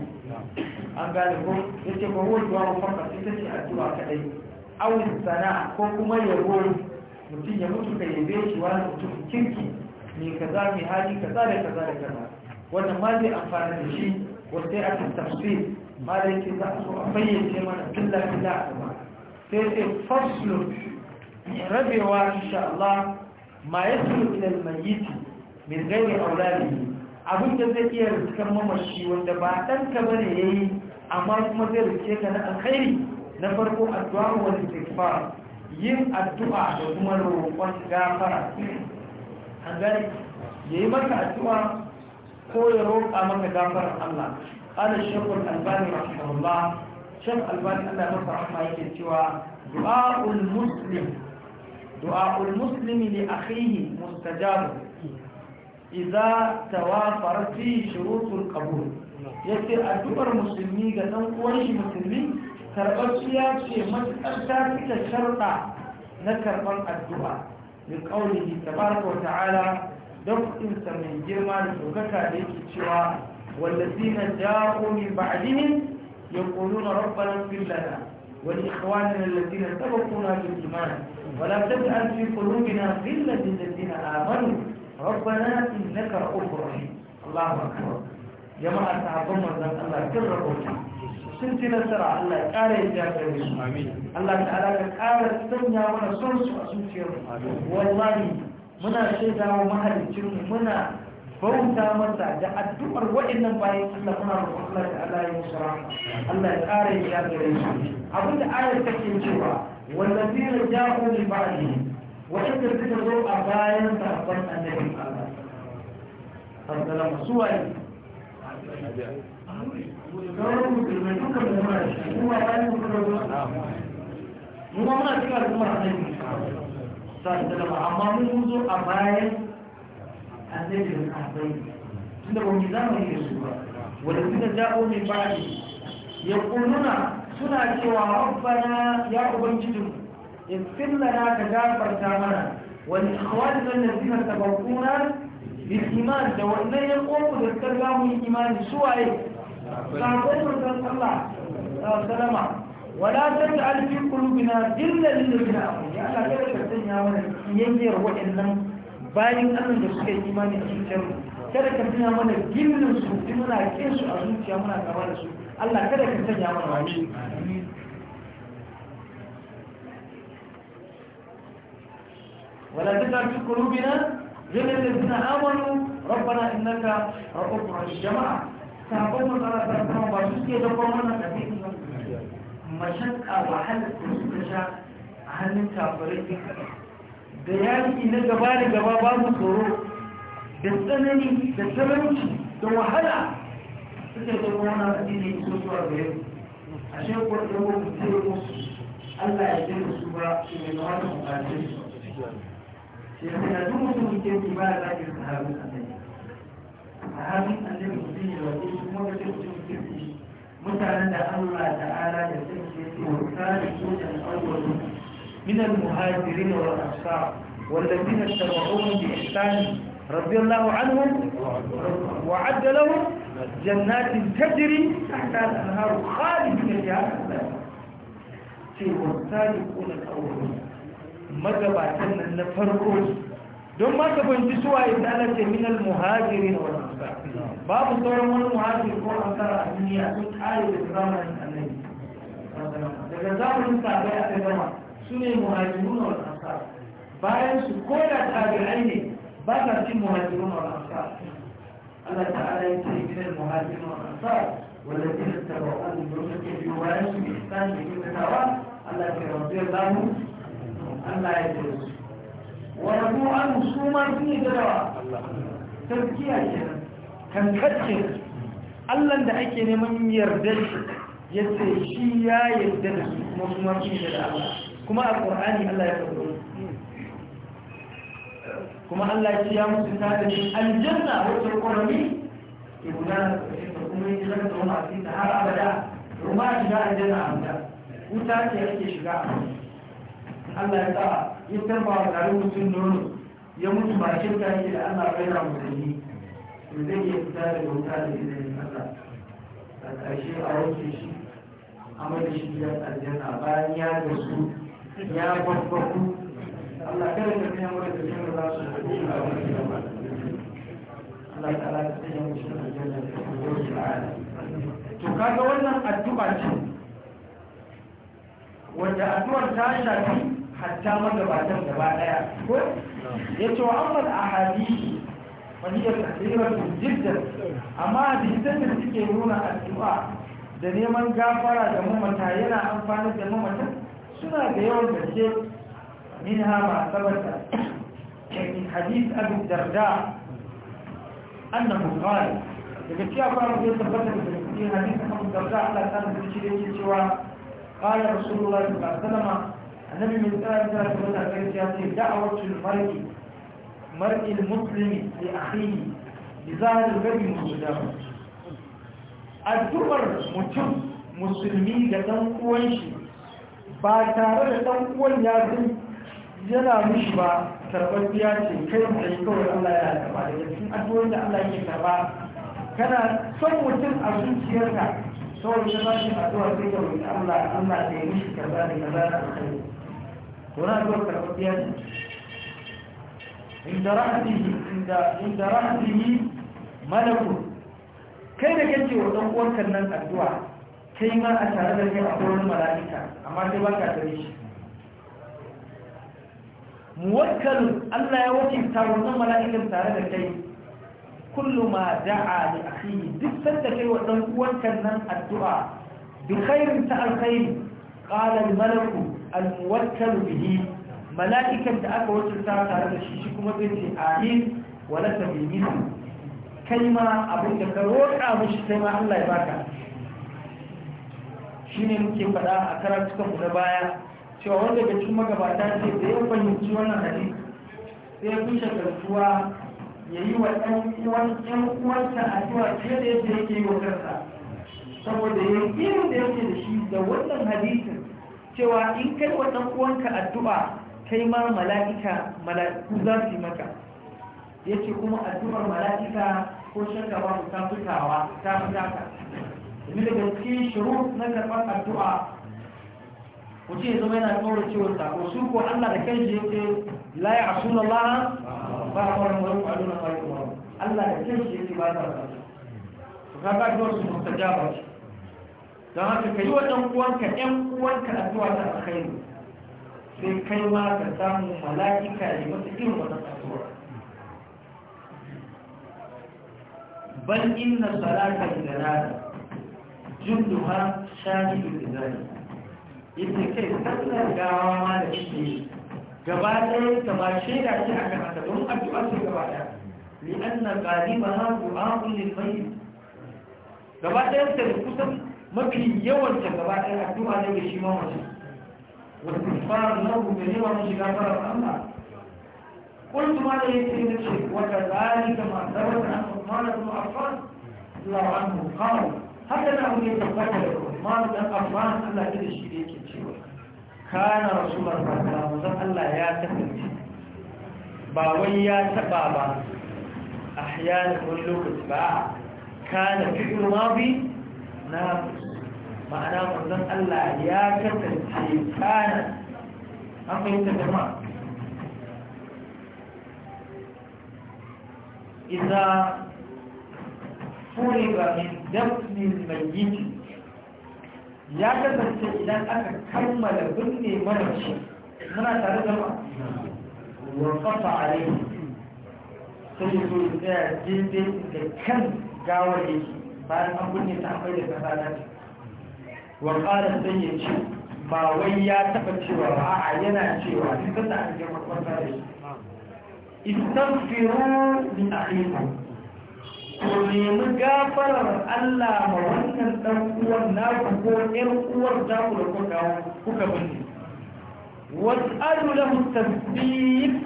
an gane ko ya ce ba huwa du'a mafaka ita ce addu'a kaɗai au sana ko kuma yabo mutum ya mutu ka yabe shi wani mutum kirki ne kaza mai hali kaza ka kaza da kaza wannan ma zai amfani da shi wata ya ta tafsir ma da yake za a so a fayyace mana killa killa a gaba sai sai faslu rabewa insha Allah ma yasiru ila yi mayyit min ghairi auladihi abin da zai iya riskan mamashi wanda ba ɗanka ba ne ya yi amma kuma zai riske ka na alkhairi na farko addu'a wani istighfar yin addu’a da kuma roƙon gafara a gari ya yi maka addu’a ko ya roƙa maka gafarar Allah ala shekul albani rahimahullah shan albani Allah masu rahama yake cewa du'a'ul muslim du'a'ul muslimi li akhihi mustajabu idza tawafarat fi shurutul qabul yace addu'ar musulmi ga dan uwan shi musulmi karɓarciya ce matuƙar ta cika sharɗa na karɓar addu'a da ƙaunihi tabaraka wa ta'ala don kuɗinsa mai girma da ɗaukaka da yake cewa wallazina da'u min ba'dihim yaquluna rabbana ighfir lana wa li ikhwanina alladhina sabaquna bil iman wa la taj'al fi qulubina ghillan lil ladzina amanu rabbana innaka ra'ufur rahim Allahu akbar jama'a sahabban manzon Allah kin rabota sun ci nasara Allah ya ƙara yin da su Allah ta ala ka ƙara sanya mana son su a zuciyar mu wallahi muna shaida wa mahalicin mu muna bauta masa da addu'ar waɗannan bayan Allah muna roƙon Allah ta ala Allah ya ƙara yin da su abin da ayar take cewa wallazina ja'u li ba'dihim wa'inda suka zo a bayan sahabban annabi Allah sallallahu alaihi suwaye sauran musulmai dukkan da shi kuma bayan mu kuma zuwa mu ma muna cikin al'ummar annabi sallallahu amma zo a bayan da sahabbai zamani da su suna cewa rabbana ya ubangijinmu اغفر لنا تجافر تامنا والإخواننا الذين sahabbai manzon Allah sallama wala taj'al fi qulubina illa lillazina ya Allah kada ka sanya mana yankewar waɗannan bayin Allah da suka yi imani a cikin kada ka sanya mana gillin su muna kin su a zuciya muna gaba da su Allah kada ka sanya mana wani ولا تجعل في قلوبنا غلا للذين امنوا ربنا انك رؤوف رحيم جماعه sabon mazara ta kuma ba su ke zama wannan da zai ba mashakka wahalar da suka sha a hannun kafirai ne da yaki na gaba da gaba babu tsoro da tsanani da talauci da wahala suke zama wannan addini su zuwa ga yau a shekwar da wani zai musu Allah ya ce su ba su ne na wannan mutane su. Shi ne na duk mutum ke ba za ki sahabu a nan. من المهاجرين والأنصار والذين اتبعوهم بإحسان رضي الله عنهم وعد لهم جنات تجري تحت الأنهار خالد من الجهاد في الثالثون الأولون مدى بعد أن نفرقوا ثم تكون جسوى إزالة من المهاجرين والأنصار باب الطرمون المهاجر يقول أنت أني أكون آل الزمن النبي لقد زمن أنت أبي أبي زمن سنة المهاجرون والأنصار بعد سكولة تابعين بعد في المهاجرون والأنصار الله تعالى يتحي من المهاجرين والأنصار والذين اتبعوا أن برمك يبارس بإحسان بكل تتوى الله يرضي الله الله يتوسك wa rabu an su ma su ne gadawa tarkiya ke kan kacce allan da ake neman yarda shi ya ce shi ya yarda da su kuma su ma su ne da allah kuma a ƙorani allah ya faɗo kuma allah ya musu ta da aljanna wata ƙorami ke gudana da kuma ya zama da wani asiri da har abada ruma shiga aljanna a wuta wuta ce ake shiga a Allah ya tsara ya san ba wa tare mutum nono ya mutu ba shi ta yake da Allah bai na musulmi to zai iya fita da bauta da izinin kasa. a ƙarshe a wanke shi a mai shi gidan aljanna bayan ya gasu ya babbaku Allah kada ka kai mura da kan za su tafi a wani gaba Allah ta ta'ala ta sanya mu cikin aljanna da kuma to kaga wannan addu'a ce wanda addu'ar ta shafi hatta magabatan gaba daya ko ya ce wa amma da ahadi wani ya tsira jiddan amma hadisan da suke nuna addu'a da neman gafara da mamata yana amfani da mamata suna da yawan gaske min hama sabata min hadis abu darda annahu qala daga cewa fara da tabbata da cikin hadis abu darda Allah ta rubuce yake cewa qala rasulullahi sallallahu alaihi wasallam annabi mai tsara ta da wata kai ya ce da'awatul mar'i mar'il muslimi li akhihi bi zahiril ghabi mujadama addu'ar mutum musulmi da ɗan uwan shi ba tare da ɗan uwan ya san yana mishi ba karɓar tarbiyya ce kai mu mai kawai Allah ya karba da cikin addu'o'in da Allah yake karba kana son mutum a zuciyarka saboda ta ba shi addu'a sai ka wuce Allah Allah ya yi mishi karba da kaza da kai wani addu'ar karfafiya ne inda ra'adihi inda inda ra'adihi malakun kai da kake wa ɗan nan addu'a kai ma a tare da kai a wurin mala'ika amma sai ba ka tare shi muwakkalin Allah ya wakilta wannan mala'ikan tare da kai kullu duk sanda kai nan addu'a bi ta alkhairi al-muwakkal bihi mala'ikan da aka wuce tare da shi shi kuma zai ce amin wa la kai ma abin da ka roƙa mishi sai ma Allah ya baka shine muke faɗa a karatukan mu na baya cewa wanda daga cikin magabata ce da ya fahimci wannan hadin sai ya fi ya yi wa ɗan a cewa fiye da yadda yake yi wa kansa saboda yankin da yake da shi da wannan hadisin cewa in kai wa ɗan uwanka addu'a kai ma mala'ika mala'iku za su yi maka ya ce kuma addu'ar mala'ika ko shakka ba mu ta fitawa ta domin daga cikin shiru na karɓar addu'a mutum ya zama yana tsoro cewa sako su ko Allah da kan shi yake la ya asu laha ba a kwarin wani kwado na kwari Allah da kan shi yake ba ta ta su ta ba ta ta ba. ta don haka ka yi wa ɗan uwanka ɗan uwanka addu'a ta alkhairi sai kai ma ka samu mala'ika ya masa irin wannan addu'a bal inna salata lillahi junduha shahidu lillahi yace kai sallar gawa ma da shi gaba ɗaya ta ba shaida ce akan haka don addu'a ce gaba ɗaya li anna qalibaha du'a lil mayyit gaba ɗaya ta kusan mafi yawan ta gaba ɗaya addu'a ne ga shi ma mace wa kufar lahu bi niwa mun shiga fara Allah qultu ma la yati na ce wa kadhalika ma sabata an Uthman ibn Affan Lawan anhu qala haka na mun yi tabbata da Uthman ibn Affan Allah ya shi da yake cewa kana rasu sallallahu alaihi wasallam Allah ya tafi. ba wai ya taba ba ahyanan wani lokaci ba kana fi'il madi na ma'ana wanzan Allah ya kasance kana an fahimta jama'a إذا ya kasance idan aka kammala birni binne shi muna tare da ma wa kafa sai zo da daidai da kan gawar yake bayan an binne ta amai da kasa dace wa ƙara sai ya ce ba wai ya taɓa cewa A'a yana cewa duk sanda aka je makwata da shi istaghfiru li akhikum ku nemi gafarar Allah ma wannan dan uwan naku ko ƴar uwar taku da kuka kuka binne was'alu lahu tasbih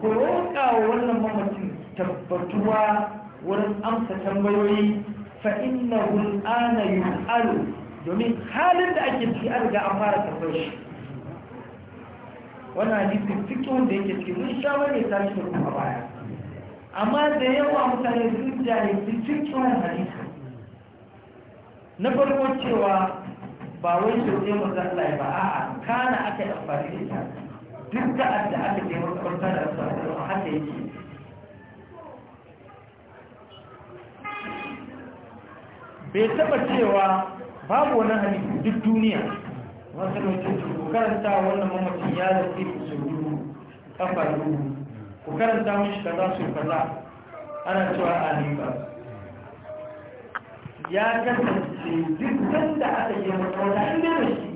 ku roƙa wa wannan mamacin tabbatuwa wurin amsa tambayoyi fa innahu al'ana yus'alu domin halin da ake ciki an ga an fara karɓar shi wannan hadisi cikin wanda yake ciki mun sha wani ta shi kuma baya amma da yawa mutane sun jahilci cikin hadisi na farko cewa ba wai mu zan lai ba a'a kana aka yi amfani da ita duk da adda aka je kwanta da su a cikin haka yake bai taba cewa babu wani hadisi duk duniya wasu mutum ku karanta wannan mamacin ya da fi su ruru kafa ruru ku karanta mun mashi kaza su kaza ana cewa a alifa ya kasance duk da aka yi da an gama shi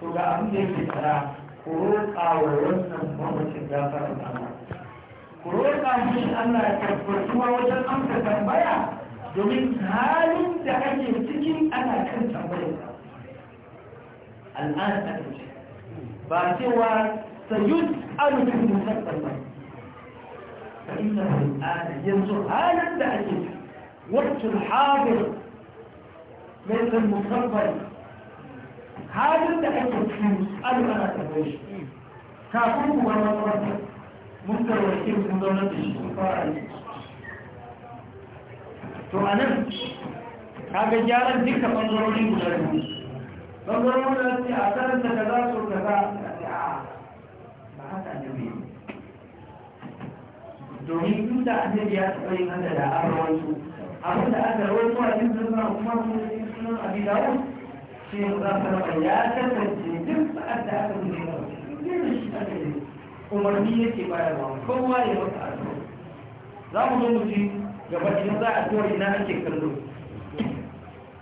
to ga abin da yake tsara ku roƙa wa wannan mamacin gafarar Allah ku roƙa mashi Allah ya karɓar kuma wajen amsa tambaya domin halin da ake cikin ana kan tambayar al'an a ƙarshe ba cewa sayus alufin musamman ba ta ina al'an yanzu halin da ake wacce haɗin mai san musamman halin da ake cikin al'ana tambayar shi kafin kuwa wata mun karwace mun zaunar da shi fara yi to a nan kaga gyaran duka ɓangarori guda biyu ɓangarorin da ce a tsarin da ta za su kaza so kaza ba haka annabi domin tun da annabi ya taɓa yin haka da an rawaito abin da aka rawaito a cikin sunan kuma cikin sunan abi dawud sai mu za ka raba ya kasance duk sa'ad da aka zuwa ya rawaito shi aka yi umarni yake bayarwa kowa ya masa addu'a za mu zo mu ji gaba za a tori na ake kallo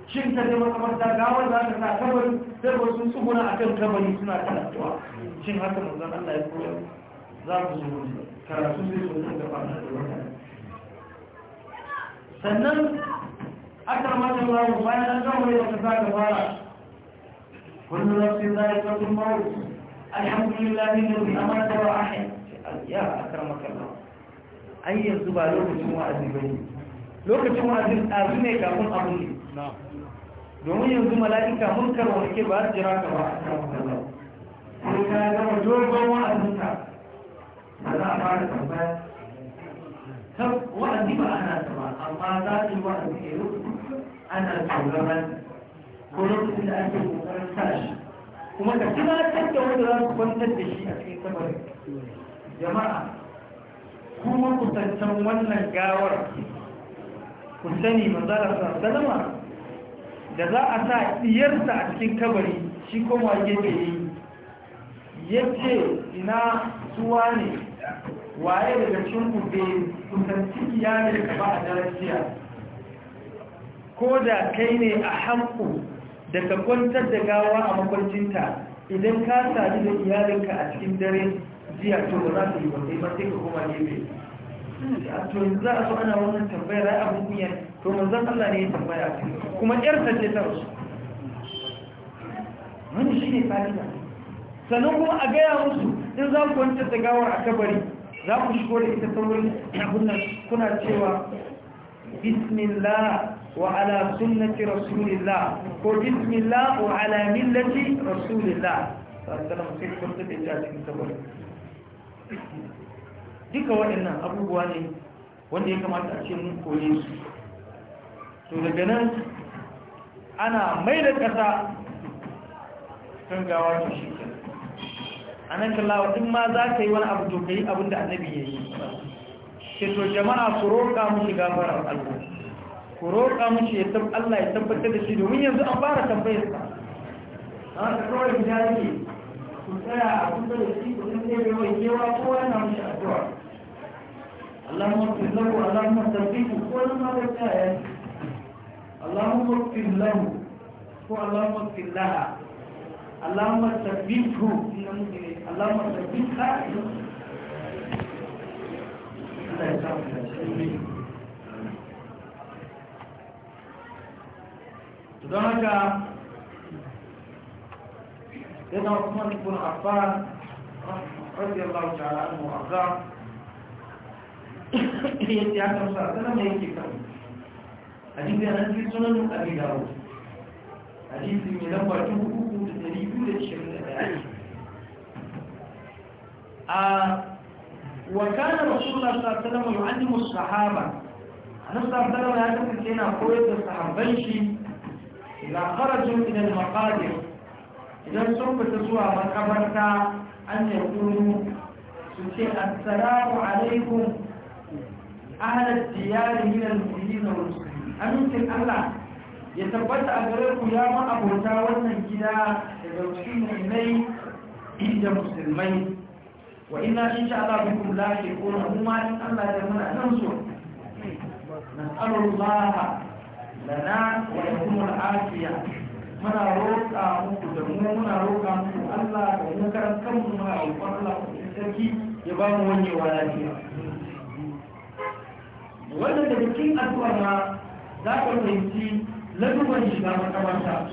shin ta je makamarta gawar za ta sa kabari sai ba sun tsuguna a kan kabari suna karatuwa shin haka manzan Allah ya koya za ku zo karatu zai zo nan gaba na da wata sannan aka mata bayan bayan an gama yau ka za ka fara kullum nafsin zai ka kun mawu alhamdulillah ne da bi amana da wa'ahi ya akar maka Allah An yanzu ba lokacin wa'azi ba ne lokacin wa'azi ɗazu ne kafin abu ne domin yanzu mala'ika mun karwarke ba su jira ka ba a kan sallah sai ka gama dogon wa'azinka ba za a fara tambaya wa'azi ba ana sama amma za su wa'azi ne ana tsoron ko lokacin da ake kokarin sa shi kuma ka tunatar da wanda za su kwantar da shi a cikin kabarin jama'a kuma kusantan wannan gawar ku sani manzala sassalama da za a sa ɗiyarsa a cikin kabari shi kuma gefe yi ya ce ina suwa ne waye daga cinku bai kusanci iyalin ka ba a darajiya ko da kai ne a hanku daga kwantar da gawa a makwancinta idan ka sami da iyalinka a cikin dare jiya to ba za su yi ba sai ba sai ka koma gefe a to yanzu za a so ana wannan tambayar ai abin kunya to manzon Allah ne ya tambaya kuma yar ta ce ta wasu wani shi ne fa'ida sannan kuma a gaya musu in za ku wancan da gawar a kabari za ku shigo da ita saurin abunan kuna cewa bismillah wa ala sunnati rasulillah ko bismillah wa ala millati rasulillah sallallahu alaihi wasallam sai kun da ita cikin kabari duka waɗannan abubuwa ne wanda ya kamata a ce mun koye su to daga nan ana mai da ƙasa kan gawa ta shi a nan kallawa in ma za ka yi wani abu to ka yi abin da annabi ya yi Ke to jama'a ku roƙa mushi gafarar allah ku roƙa mushi ya allah ya tabbatar da shi domin yanzu an fara tambayar sa a kawai ya yi tsaya a kun da shi ko in dai bai yi wa ko wannan mu shafuwa Allahumma fi lahu Allahumma tabbiku ko nan ma bai tsaya Allahumma fi lahu ko Allahumma fi laha Allahumma tabbiku inna mu dire Allahumma tabbika Allah ya sa mu da shi Don haka, لأن عثمان بن عفان رضي الله تعالى عنه وارضاه يأتي عن صلى الله عليه وسلم هي كم حديث عن سنن أبي داود حديث من لما تقول تدريب للشمال آه، وكان رسول الله صلى الله عليه وسلم يعلم الصحابة أنا صلى الله عليه وسلم يعلم كنا قوية الصحابة إذا خرجوا من المقادر idan sun fita zuwa makabarta an ya kuru su ce assalamu alaikum ahalar diyari minan musulmi na musulmi amincin allah ya tabbata a gare ku ya ma'abota wannan gida daga cikin mai da musulmai wa ina in sha Allah bikum lahiqun amma in Allah ya mana nan so nas'alullah lana wa yakumul afiya muna roƙa muku da mu muna roƙa muku Allah da mu karan mu muna roƙon Allah ku sarki ya ba mu wani lafiya wannan da cikin addu'a ma za ka fahimci shi shiga makamanta manzara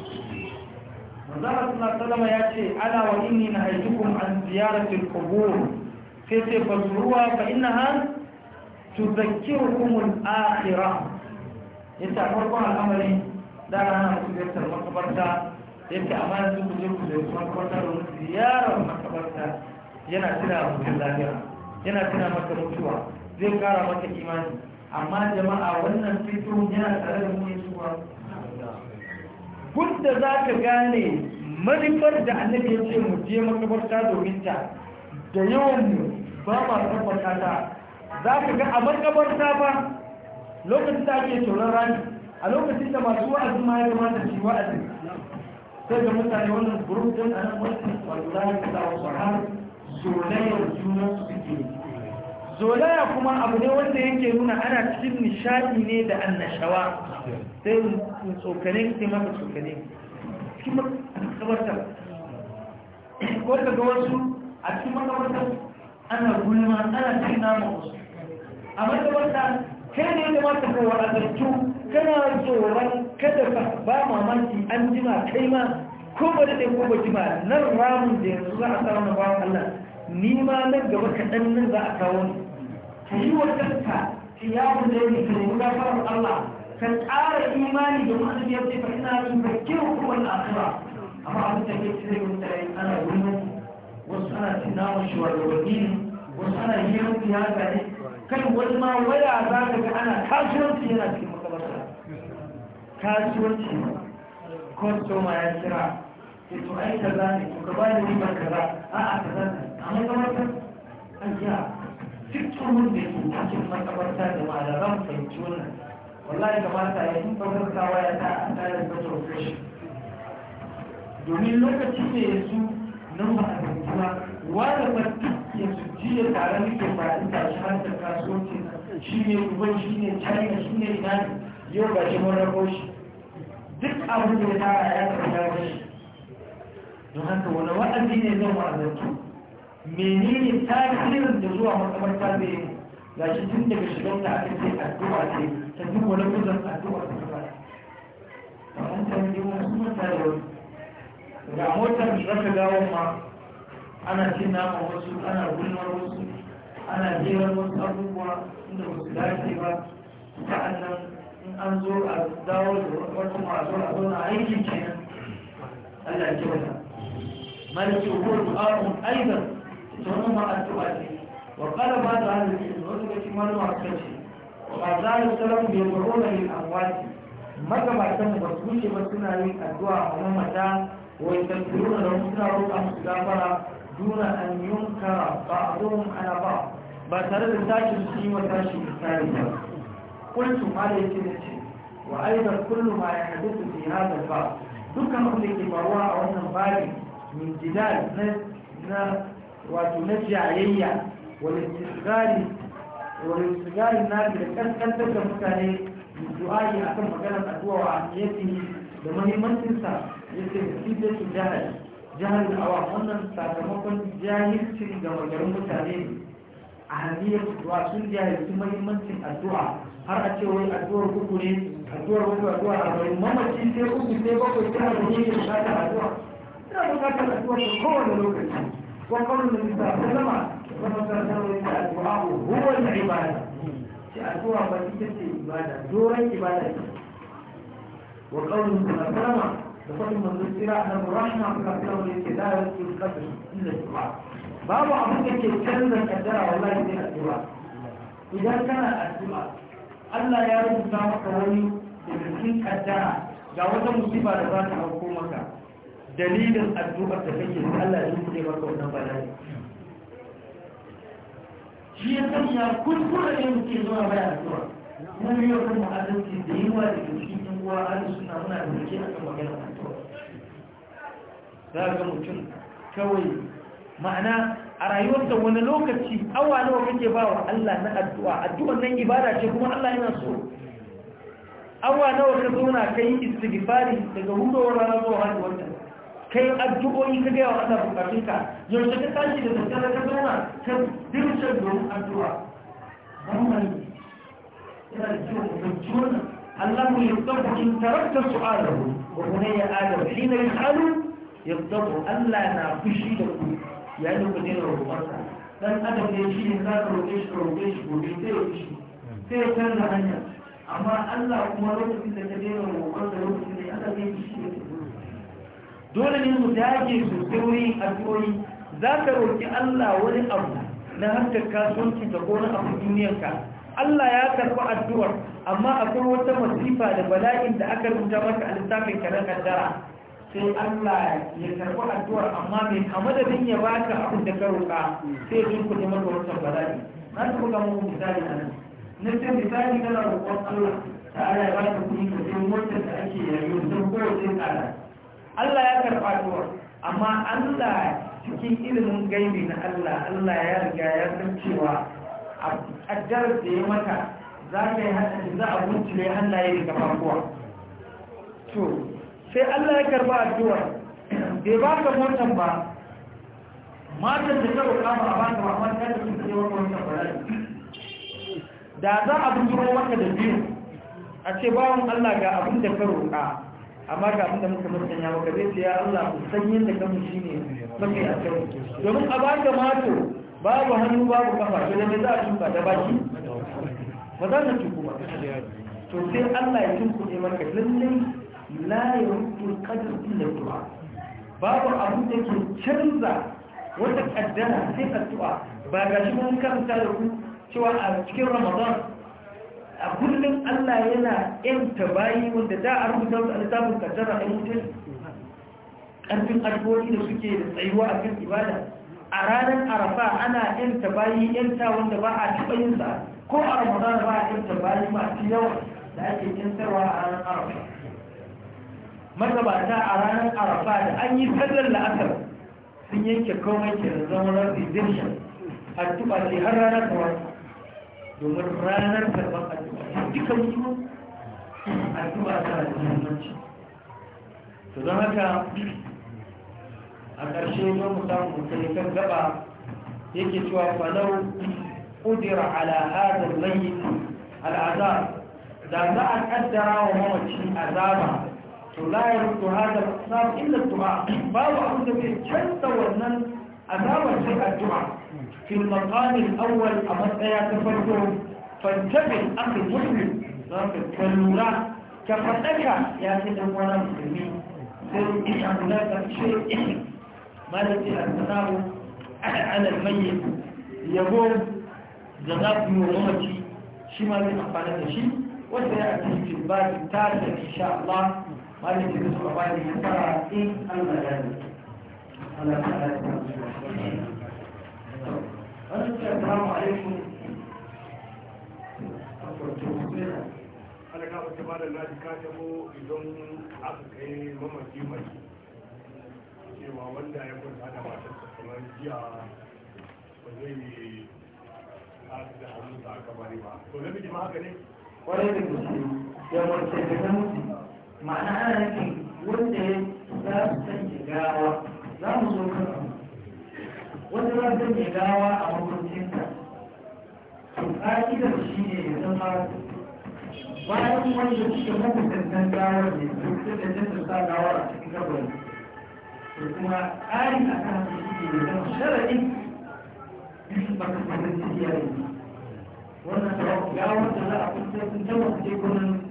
suna salama ya ce ala wa inni na haitukun an ziyaratul kubur sai ce fasuruwa fa innaha ha al akhirah yace farkon al'amari na rana ku ziyartar makabarta yake amma yanzu ku je ku ziyarci makabarta domin ziyarar makabarta yana tuna mutum lafiya yana tuna maka mutuwa zai kara maka imani amma jama'a wannan fito yana tare da mu yesu ba gudda za ka gane manufar da annabi ya ce mu je makabarta domin ta da yawan mu ba ma tabbata ta za ka ga a makabarta ba lokacin da ake tsoron rani a lokacin da masu wa'azin ma ya kamata shi wa'azin sai da mutane wannan group din a nan wani wallahi da wasu har zolayar juna su suke zolaya kuma abu ne wanda yake nuna ana cikin nishadi ne da annashawa sai in tsokane ke maka tsokane cikin makabartar ko daga wasu a cikin makabartar ana gulma ana cikin nama wasu a makabartar kai ne ya kamata ka wa'azantu kana tsoron kada ba mamaki an jima kai ma ko ba da ko ba jima nan ramin da yanzu za a samu na bawan Allah ni ma nan gaba kaɗan nan za a kawo ni ka yi wa kanka kiyamun da yake ka nemi gafarar Allah ka ƙara imani da masu biyar ce fa ina yin bakin hukumar akira amma abin da ke cire mutane ana wurin wasu ana tunawa shi wa wasu ana yi yanku ya gane kai wani ma waya za ka ga ana kasuwanci yana cikin kasuwanci kwastoma ya kira ke eh, to ai ka za ne ka ba da ka kaza a a ka za ne a makabartar ajiya duk tsohon da ke cikin makabarta da malaran fahimci wannan wallahi kamata ya yi kawarkawa ya ta a tsarin kasar kashi domin lokaci ne ya su nan ba a zantuwa wanda ba ya su jiya tare muke ba a har da kasuwanci shi ne ruwan shi ne china shi ne inani yau ga shi mun rabo shi duk abin da ya tara ya tsaya da shi don haka wani wa'azi ne zan wa'azantu menene tasirin da zuwa makamarta zai yi ga shi tun daga shigar da aka ce addu'a ce ta duk wani kuzan addu'a ta ba ba an ta yi wani kuma ta da wani ga motar da zaka gawo ma ana cin nama wasu ana gulmar wasu ana jerar wasu abubuwa inda ba su dace ba sa'annan in an zo a dawo da wasu masu a zo na aiki kenan Allah ya kyauta maliki ko du'a'un aidan to mun ma addu'a ce wa qala ba da hadisi wasu ga cikin malama ta ce wa zalu salamu bi ruhuna lil amwati magabatan ba ba su wuce ba suna yin addu'a a mamata wa yastaghfiruna lahum suna roƙa musu gafara duna an yunkara ba'dhum ala ba ba tare da tashin shi wa tashin misali ba قلت ما ليس نفسي وأيضا كل ما يحدث في هذا الباب dukkan abin da ke faruwa a wannan bari min jidal na wato na jayayya walistigari na da kankantar da mutane du'ayi a kan maganar addu'a wa yake da muhimmancinsa ya ce da fi jihar jihar wannan sakamakon jahilcin ga magarin mutane ahadiyar addu'a sun su mahimmancin addu'a har a ce wai addu'ar uku ne addu'ar uku a bari mamaci sai uku sai bakwai sai da ne bukatar addu'a ina bukatar addu'a ta kowane lokaci wa kawai da nisa sallama wa masarautar wani da addu'a huwa na ibada ce addu'a ba ita ce ibada doron ibada ce wa kawai da sallama da kwanin manzon na murashina a kasar wani ke da yau ke inda su ba babu abin da ke canza kaddara wallahi sai addu'a idan kana addu'a Allah ya rubuta maka wani da cikin kaddara ga wata musiba da za ta hauko maka dalilin addu'ar da kake Allah ya rubuta maka wannan bala'i shi ya sanya kuskure ne muke zuwa baya addu'a mun yi wata adalci da yawa da cikin yan uwa ahli suna muna da rike akan maganar addu'a za ga mutum kawai ma'ana a rayuwarsa wani lokaci awa nawa kake ba wa Allah na addu'a addu'an nan ibada ce kuma Allah yana so awa nawa ka zauna kai istighfari daga hudowar rana zuwa hannu wata kai addu'o'i ka gaya wa Allah bukatunka yaushe ka tashi da daddare ka zauna ka dirce domin addu'a zamani yana da kyau ku fahimci wannan Allah mu yabdabu in tarakta su'alahu wa bunayya adam hina yasalu yabdabu Allah na fushi da ku ya yi ku dina roƙonsa dan adam ne shi ne za ka roƙe shi roƙe shi gobe sai ya shi sai ya canza hanya amma Allah kuma lokacin da ka dina roƙonsa lokacin da ya aka zai shi ne dole ne mu dage su sauri a tsori za ka roƙi Allah wani abu na harkar kasuwanci da ko na abu duniyarka Allah ya karɓi addu'ar amma akwai wata masifa da bala'in da aka rubuta maka a littafin kanar kaddara sai Allah ya karɓi addu'ar amma mai kama da ya baka abin da karuka sai jin kuɗi maka wancan bala'i na ta buga muku misali a nan na ce misali kana roƙon Allah ta Allah ya baka kuɗi ka sai motar da ake yayo don kowace tsada Allah ya karɓi addu'ar amma Allah cikin ilimin gaibi na Allah Allah ya riga ya san cewa a da ya mata za ka yi za a bincile hannaye daga farko to sai Allah ya karba addu'a bai ba ka motan ba matan da ta roƙa ba a ba ka amma ta da su ce ba wannan bala'i da za a bujuro maka da biyu a ce bawon Allah ga abin da ka roƙa amma ga abin da muka musanya maka zai ce ya Allah ku san yadda kanmu shine mafi a kai domin a ba ka mato babu hannu babu kafa to da za a tuka da baki ba za ta tuku ba to sai Allah ya tuku ne maka lallai la yanku qadar illa zuwa babu abu da ke canza wata kaddara sai addu'a ba ga shi mun karanta da ku cewa a cikin Ramadan a kullum Allah yana yanta bayi wanda da a rubuta wasu alisabin kaddara ɗan mutum ƙarfin addu'o'i da suke da tsayuwa a kan ibada a ranar arafa ana yanta bayi yanta wanda ba a taɓa yin sa ko a ramadan ba a yanta bayi masu yawa da ake yantarwa a ranar arafa magabata a ranar arafa da an yi sallar la'asar sun yanke komai ke da zaunar redemption addu'a ce har ranar kawai domin ranar karban addu'a ce duka mutu addu'a ta da muhimmanci to don haka a ƙarshe don mu samu mutane kan gaba yake cewa falau ƙudira ala hadar layi al'azab da za a ƙaddara wa mamaci azaba to يرد هذا hada الا الدعاء illa ad-du'a babu abin da zai canza في المقام الأول أمسأيا تفرقهم فانتبه أخي المسلم ذلك كالولا كفتك يا سيد أموانا المسلمين سيد أمولاك شيء ما الذي أثناه على الميت يقول جناب نورمتي شما من أفعالة شيء وسيأتي في الباب التاسع إن شاء الله wani da suka bani ya fara in Allah ya yi Allah wani suka ta bada na ta mu idan aka mamaki mai ya kwanta da matar kamar jiya ba ba to ne da gaske ma'ana ana nufin wanda ya za su sanya gawa za mu zo kan wanda za su sanya gawa a makwancinta to ƙa'idar shi ne ya zama bayan wanda suke makusantan gawar ne su da jinsu sa gawar a cikin gabar da kuma ƙari a kan su shi ne zama sharaɗin yin makasantan ciki yayin wannan gawar da za a kusa sun tabbata ce kunan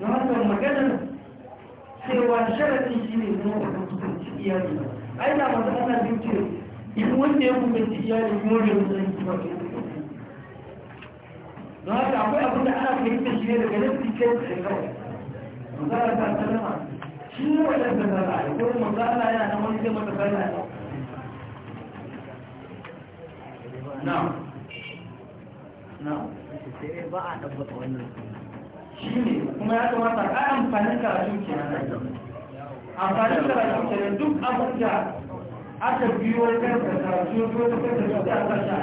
don haka maganar cewa sharaɗin shi ne zuwa kuma kusurci iyali ai na masu ana bin ce in wanda ya kusurci iyali kuma da musulunci ba ke don haka akwai abin da ana fahimta shi ne daga nan cikin tsaye kawai magana ta sallama shi ne wadanda ta zaɓa ko magana yana nan wani zai mata na na na'am ba a ɗabbata wannan shi ne kuma ya kamata a amfanin karatu ke amfanin karatu ke duk abin da aka biyo karka karatu ko ta karka su da aka sha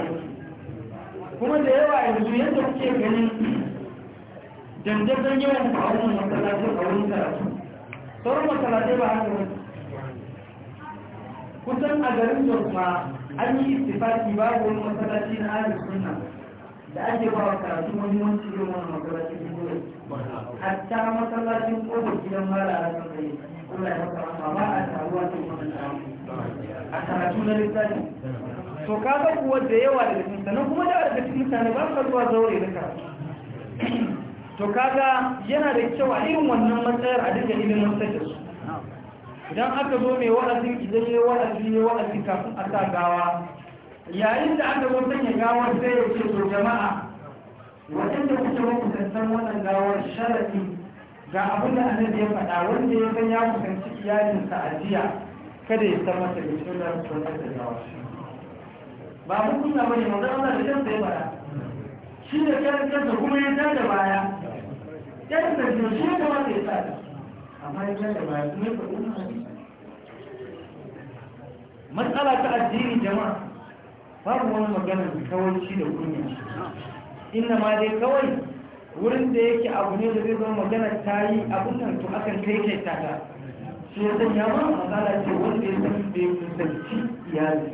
kuma da yawa yanzu yadda kuke ganin dandazon yawan kawunan masalacin a wurin karatu sauran masalacin ba haka wani kusan a garin jorma an yi istifaki babu wani masalaci na ahalin sunna da ake ba wa karatu muhimmanci irin wannan masallacin gurin hatta masallacin kofar gidan mara kan kai Allah ya maka amma ba a taruwa cikin wannan samu. a karatu na lissafi to ka ga kuwa da yawa daga cikin sannan kuma da daga cikin mutane ba su zuwa zaure da karatu to kaga yana da kyau a irin wannan matsayar a duka ilimin sakin su idan aka zo mai wa'azin idan ya wa'azi ne wa'azi kafin a sa gawa yayin da aka zo ya gawar sai ya ce to jama'a waɗanda kuke makusantar wannan gawar sharafi ga abin da annabi ya faɗa wanda ya san ya kusanci iyalinsa a jiya kada ya san masa da sunan sunan da gawar ba mu kusa bane manzon Allah da kansa sai fara. shi da karan da kuma ya tada baya yan da shi da kamata ya tada amma ya tada baya kuma ya faɗi matsala ta addini jama'a babu wani magana kawai shi da kunya inna ma dai kawai wurin da yake abu ne da zai zama magana ta yi abin nan to aka kai kai ta ta shi ya sanya a matsala ce wanda ya da ya kusanci iyali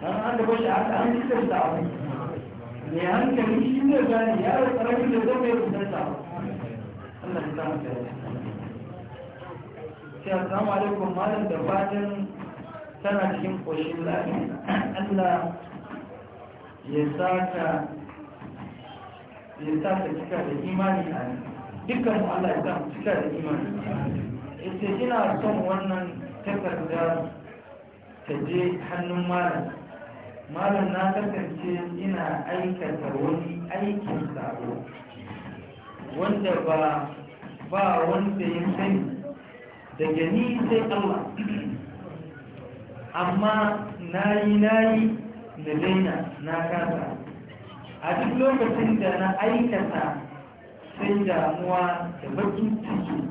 dan an da bashi aka an fitar da abu ne hankali shi ne gani ya da da kusanta Allah ya samu da fatan tana cikin ƙoshin lafiya allah ya saka cika da imani a dukkan allah ya saka cika da imani ita ina son wannan takarda ta je hannun malam malam na kasance ina aikata wani aikin sabo wanda ba wanda ya sani daga ni sai allah amma na yi na yi da daina na kasa a duk lokacin da na aikata sai damuwa da bakin ciki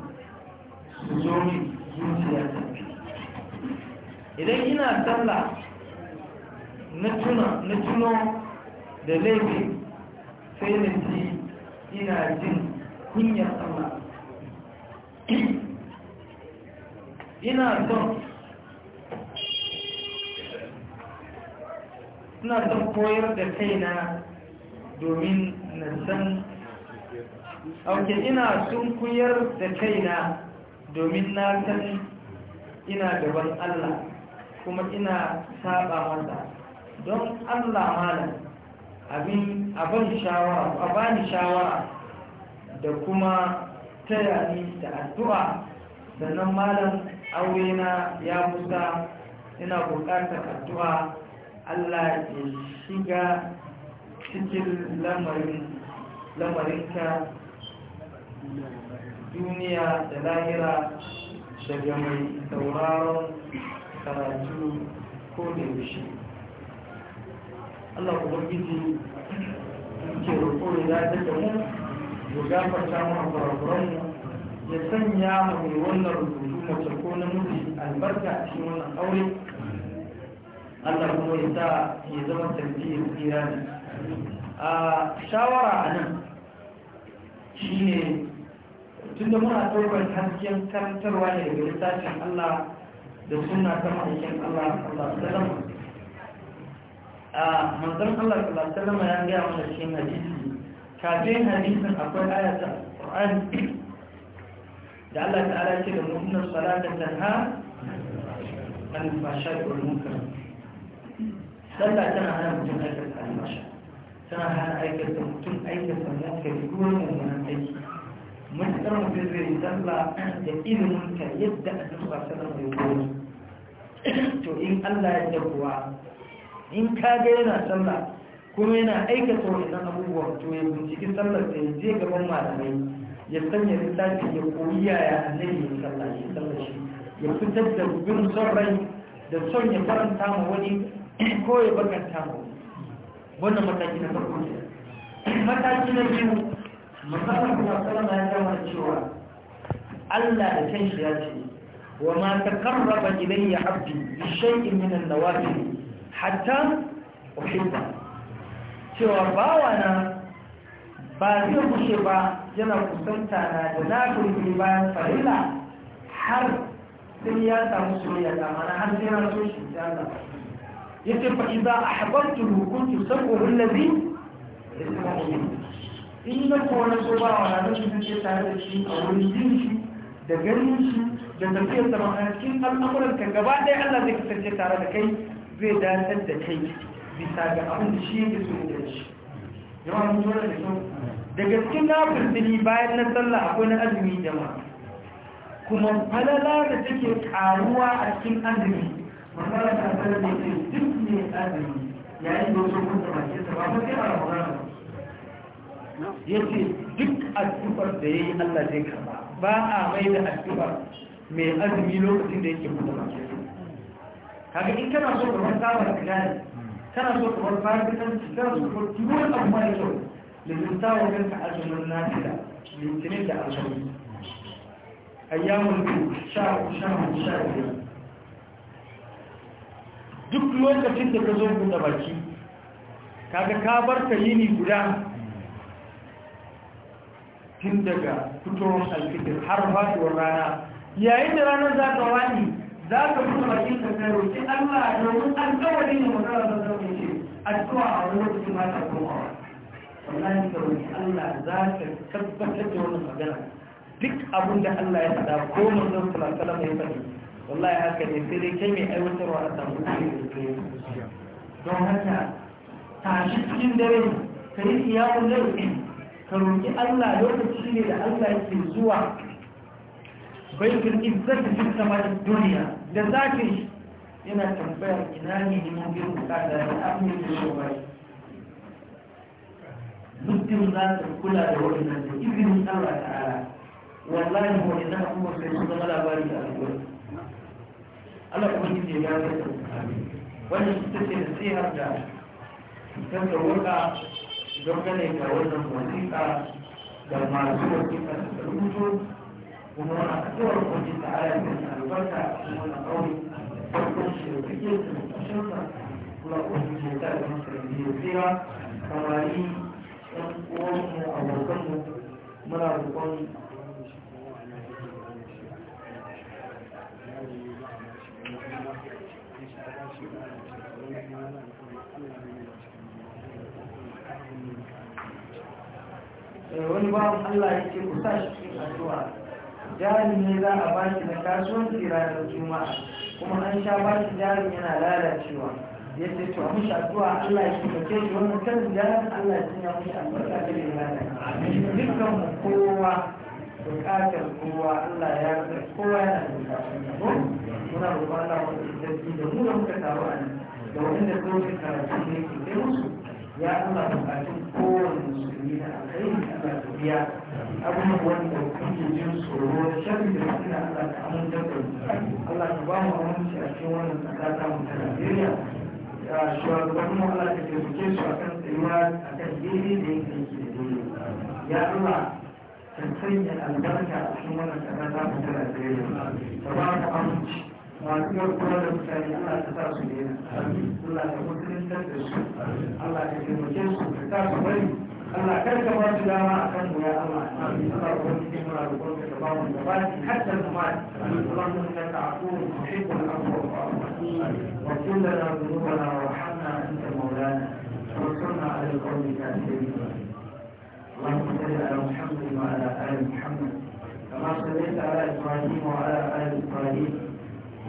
su zo ne zuciya idan ina sallah na tuno da laifin sai na ji ina jin kunyar sallah ina son suna son koyar da kaina domin na san auke ina sun koyar da kaina domin na san ina gaban Allah kuma ina saba masa don Allah malam abin abin shawara abani shawara da kuma taya da addu'a sannan malam aure na ya musa ina buƙatar addu'a Allah ya shiga cikin lamarinka duniya da lahira daga mai sauraron karatu ko da yaushe Allah ubangiji ke roƙo ya dace da mu ya gafarta mu ya sanya mu wannan rubutu mace ko namiji albarka a cikin wannan aure Allah kuma ya sa ya zama tafiye tsira ne a shawara a nan shi ne tun da muna ɗaukar hasken karantarwa ne daga littafin Allah da suna ta ma'aikin Allah sallallahu a manzon Allah sallallahu alaihi ya gaya mana cikin hadisi kafin hadisin akwai ayata Qur'an da Allah ta'ala ce da mu'minin salatan tanha an fashar wal munkar sallah tana hana mutum aikata almasha tana hana aikata mutum aikata munkari ruwan mummunan aiki matuƙar mutum zai yi sallah da ilimin ka yadda a duk wasu nan mai gobe to in allah ya kuwa in ka ga yana sallah kuma yana aikata wannan abubuwan to ya binciki sallar da ya je gaban malamai ya sanya littafi ya koyi yaya annabi ya sallah ya sallar shi ya fitar da bin son rai da son ya faranta ma wani ko ya bakanta mu wannan mataki na farko ne mataki na biyu musamman kuma sallama ya gama cewa Allah da kanshi ya ce wa ma taqarraba ilayya abdi bi shay'in min an-nawafil hatta uhibba cewa bawana ba zai kushe ba yana kusanta na da na turbi bayan farila har sai ya samu soyayya da mana har sai na so shi ta zama yace fa idza ahbabtu kuntu sab'u allazi yasma'u in na ko so ba wa nan shi ke tare da shi a wurin jin shi da ganin shi da tafiyar sa ma cikin al'amuran ka gaba ɗaya Allah zai kasance tare da kai zai dace da kai bisa ga abin da shi yake so da shi yawan mutuwar da kyau daga cikin nafirtini bayan na sallah akwai na azumi jama'a kuma falala da take karuwa a cikin azumi وقال فأبدا في جسم آدم يعني لو كنت مكيسة وفتي على مغانا yake duk addu'ar da ya yi Allah zai karba ba a mai da addu'ar mai azumi lokacin da yake kuma mace kaga in kana so kamar sabar gani kana so kamar fasikanci kana so kamar duwar abu mai kyau da zuntawar kanka azumin nafila litinin da azumi ayyamun sha sha sha biyar duk lokacin da ka zo buɗe baki kaga ka bar ta yini guda tun daga fitowar alfitar har faɗuwar rana yayin da ranar za ka wani za ka buɗe baki ka kai roƙi allah domin kawo ne magana da zama ce addu'a a wani lokacin ma ta komawa wani ka roƙi allah za ka tabbatar da wani magana duk abin da allah ya faɗa ko manzon kula alaihi ya faɗi wallahi haka ne sai dai kai mai aiwatarwa a samu don haka tashi cikin dare ka yi kiyamun dare ka roƙi Allah lokaci ne da Allah yake zuwa baikin izzar da duk da duniya da zafin yana tambayar ina ne neman biyu bukata da abin da ya bai mutum za ta kula da nan da izinin Allah ta'ala wallahi wani na kuma kai su zama labari da alƙur'ani Allah kuma shi ne ya zai wannan ita ce nasihar da ta tsawuka dangane da wannan wasiƙa da masu wasiƙa suka rubuto kuma wani kasuwar kwanci ta ala ta albarka kuma wani ƙauye farkon shi da kake da kushinsa kuma kwanci ce ta da masu da tsira kamari ɗan uwanmu abokanmu muna rukon Eh, wani babu Allah ya ce ku sa shi cikin addu'a jari ne za a ba shi na kasuwanci ranar juma'a kuma an sha ba shi jari yana lalacewa ya ce to mu sha addu'a Allah ya taimake shi wannan kan jari Allah ya sanya mishi albarka da ya lalace dukkan mu kowa bukatar kowa Allah ya rasa kowa yana da bukatar muna roƙon Allah mu da mu da muka taru a nan da wanda zo ka karatu ne ke musu ya nuna bukatun kowane musulmi na alkhairi da Allah ta biya abubuwan wanda kuke jin tsoro da sharri da suna Allah ta amintar da Allah ta ba mu aminci a cikin wannan tsakata mu ta Najeriya da shugabannin Allah ta taimake su a kan tsayuwa a kan daidai da yake yake da daidai ya Allah ta sanya albarka a cikin wannan tsakata mu ta Najeriya ta ba mu aminci masu yarkuwa da mutane Allah ta sa su ne Allah ta mutuntar da su Allah ta taimake su ta sa su bari Allah kar ka ba su dama a kan ya Allah Allah ko wani cikin mura da kwarfe da bamu da ba ki hatta kuma Allah mun ka ta aku muhibbul amru wa kullana dhunubana warhamna anta maulana وانصرنا على القوم الكافرين اللهم صل على محمد وعلى ال محمد كما صليت على ابراهيم وعلى ال ابراهيم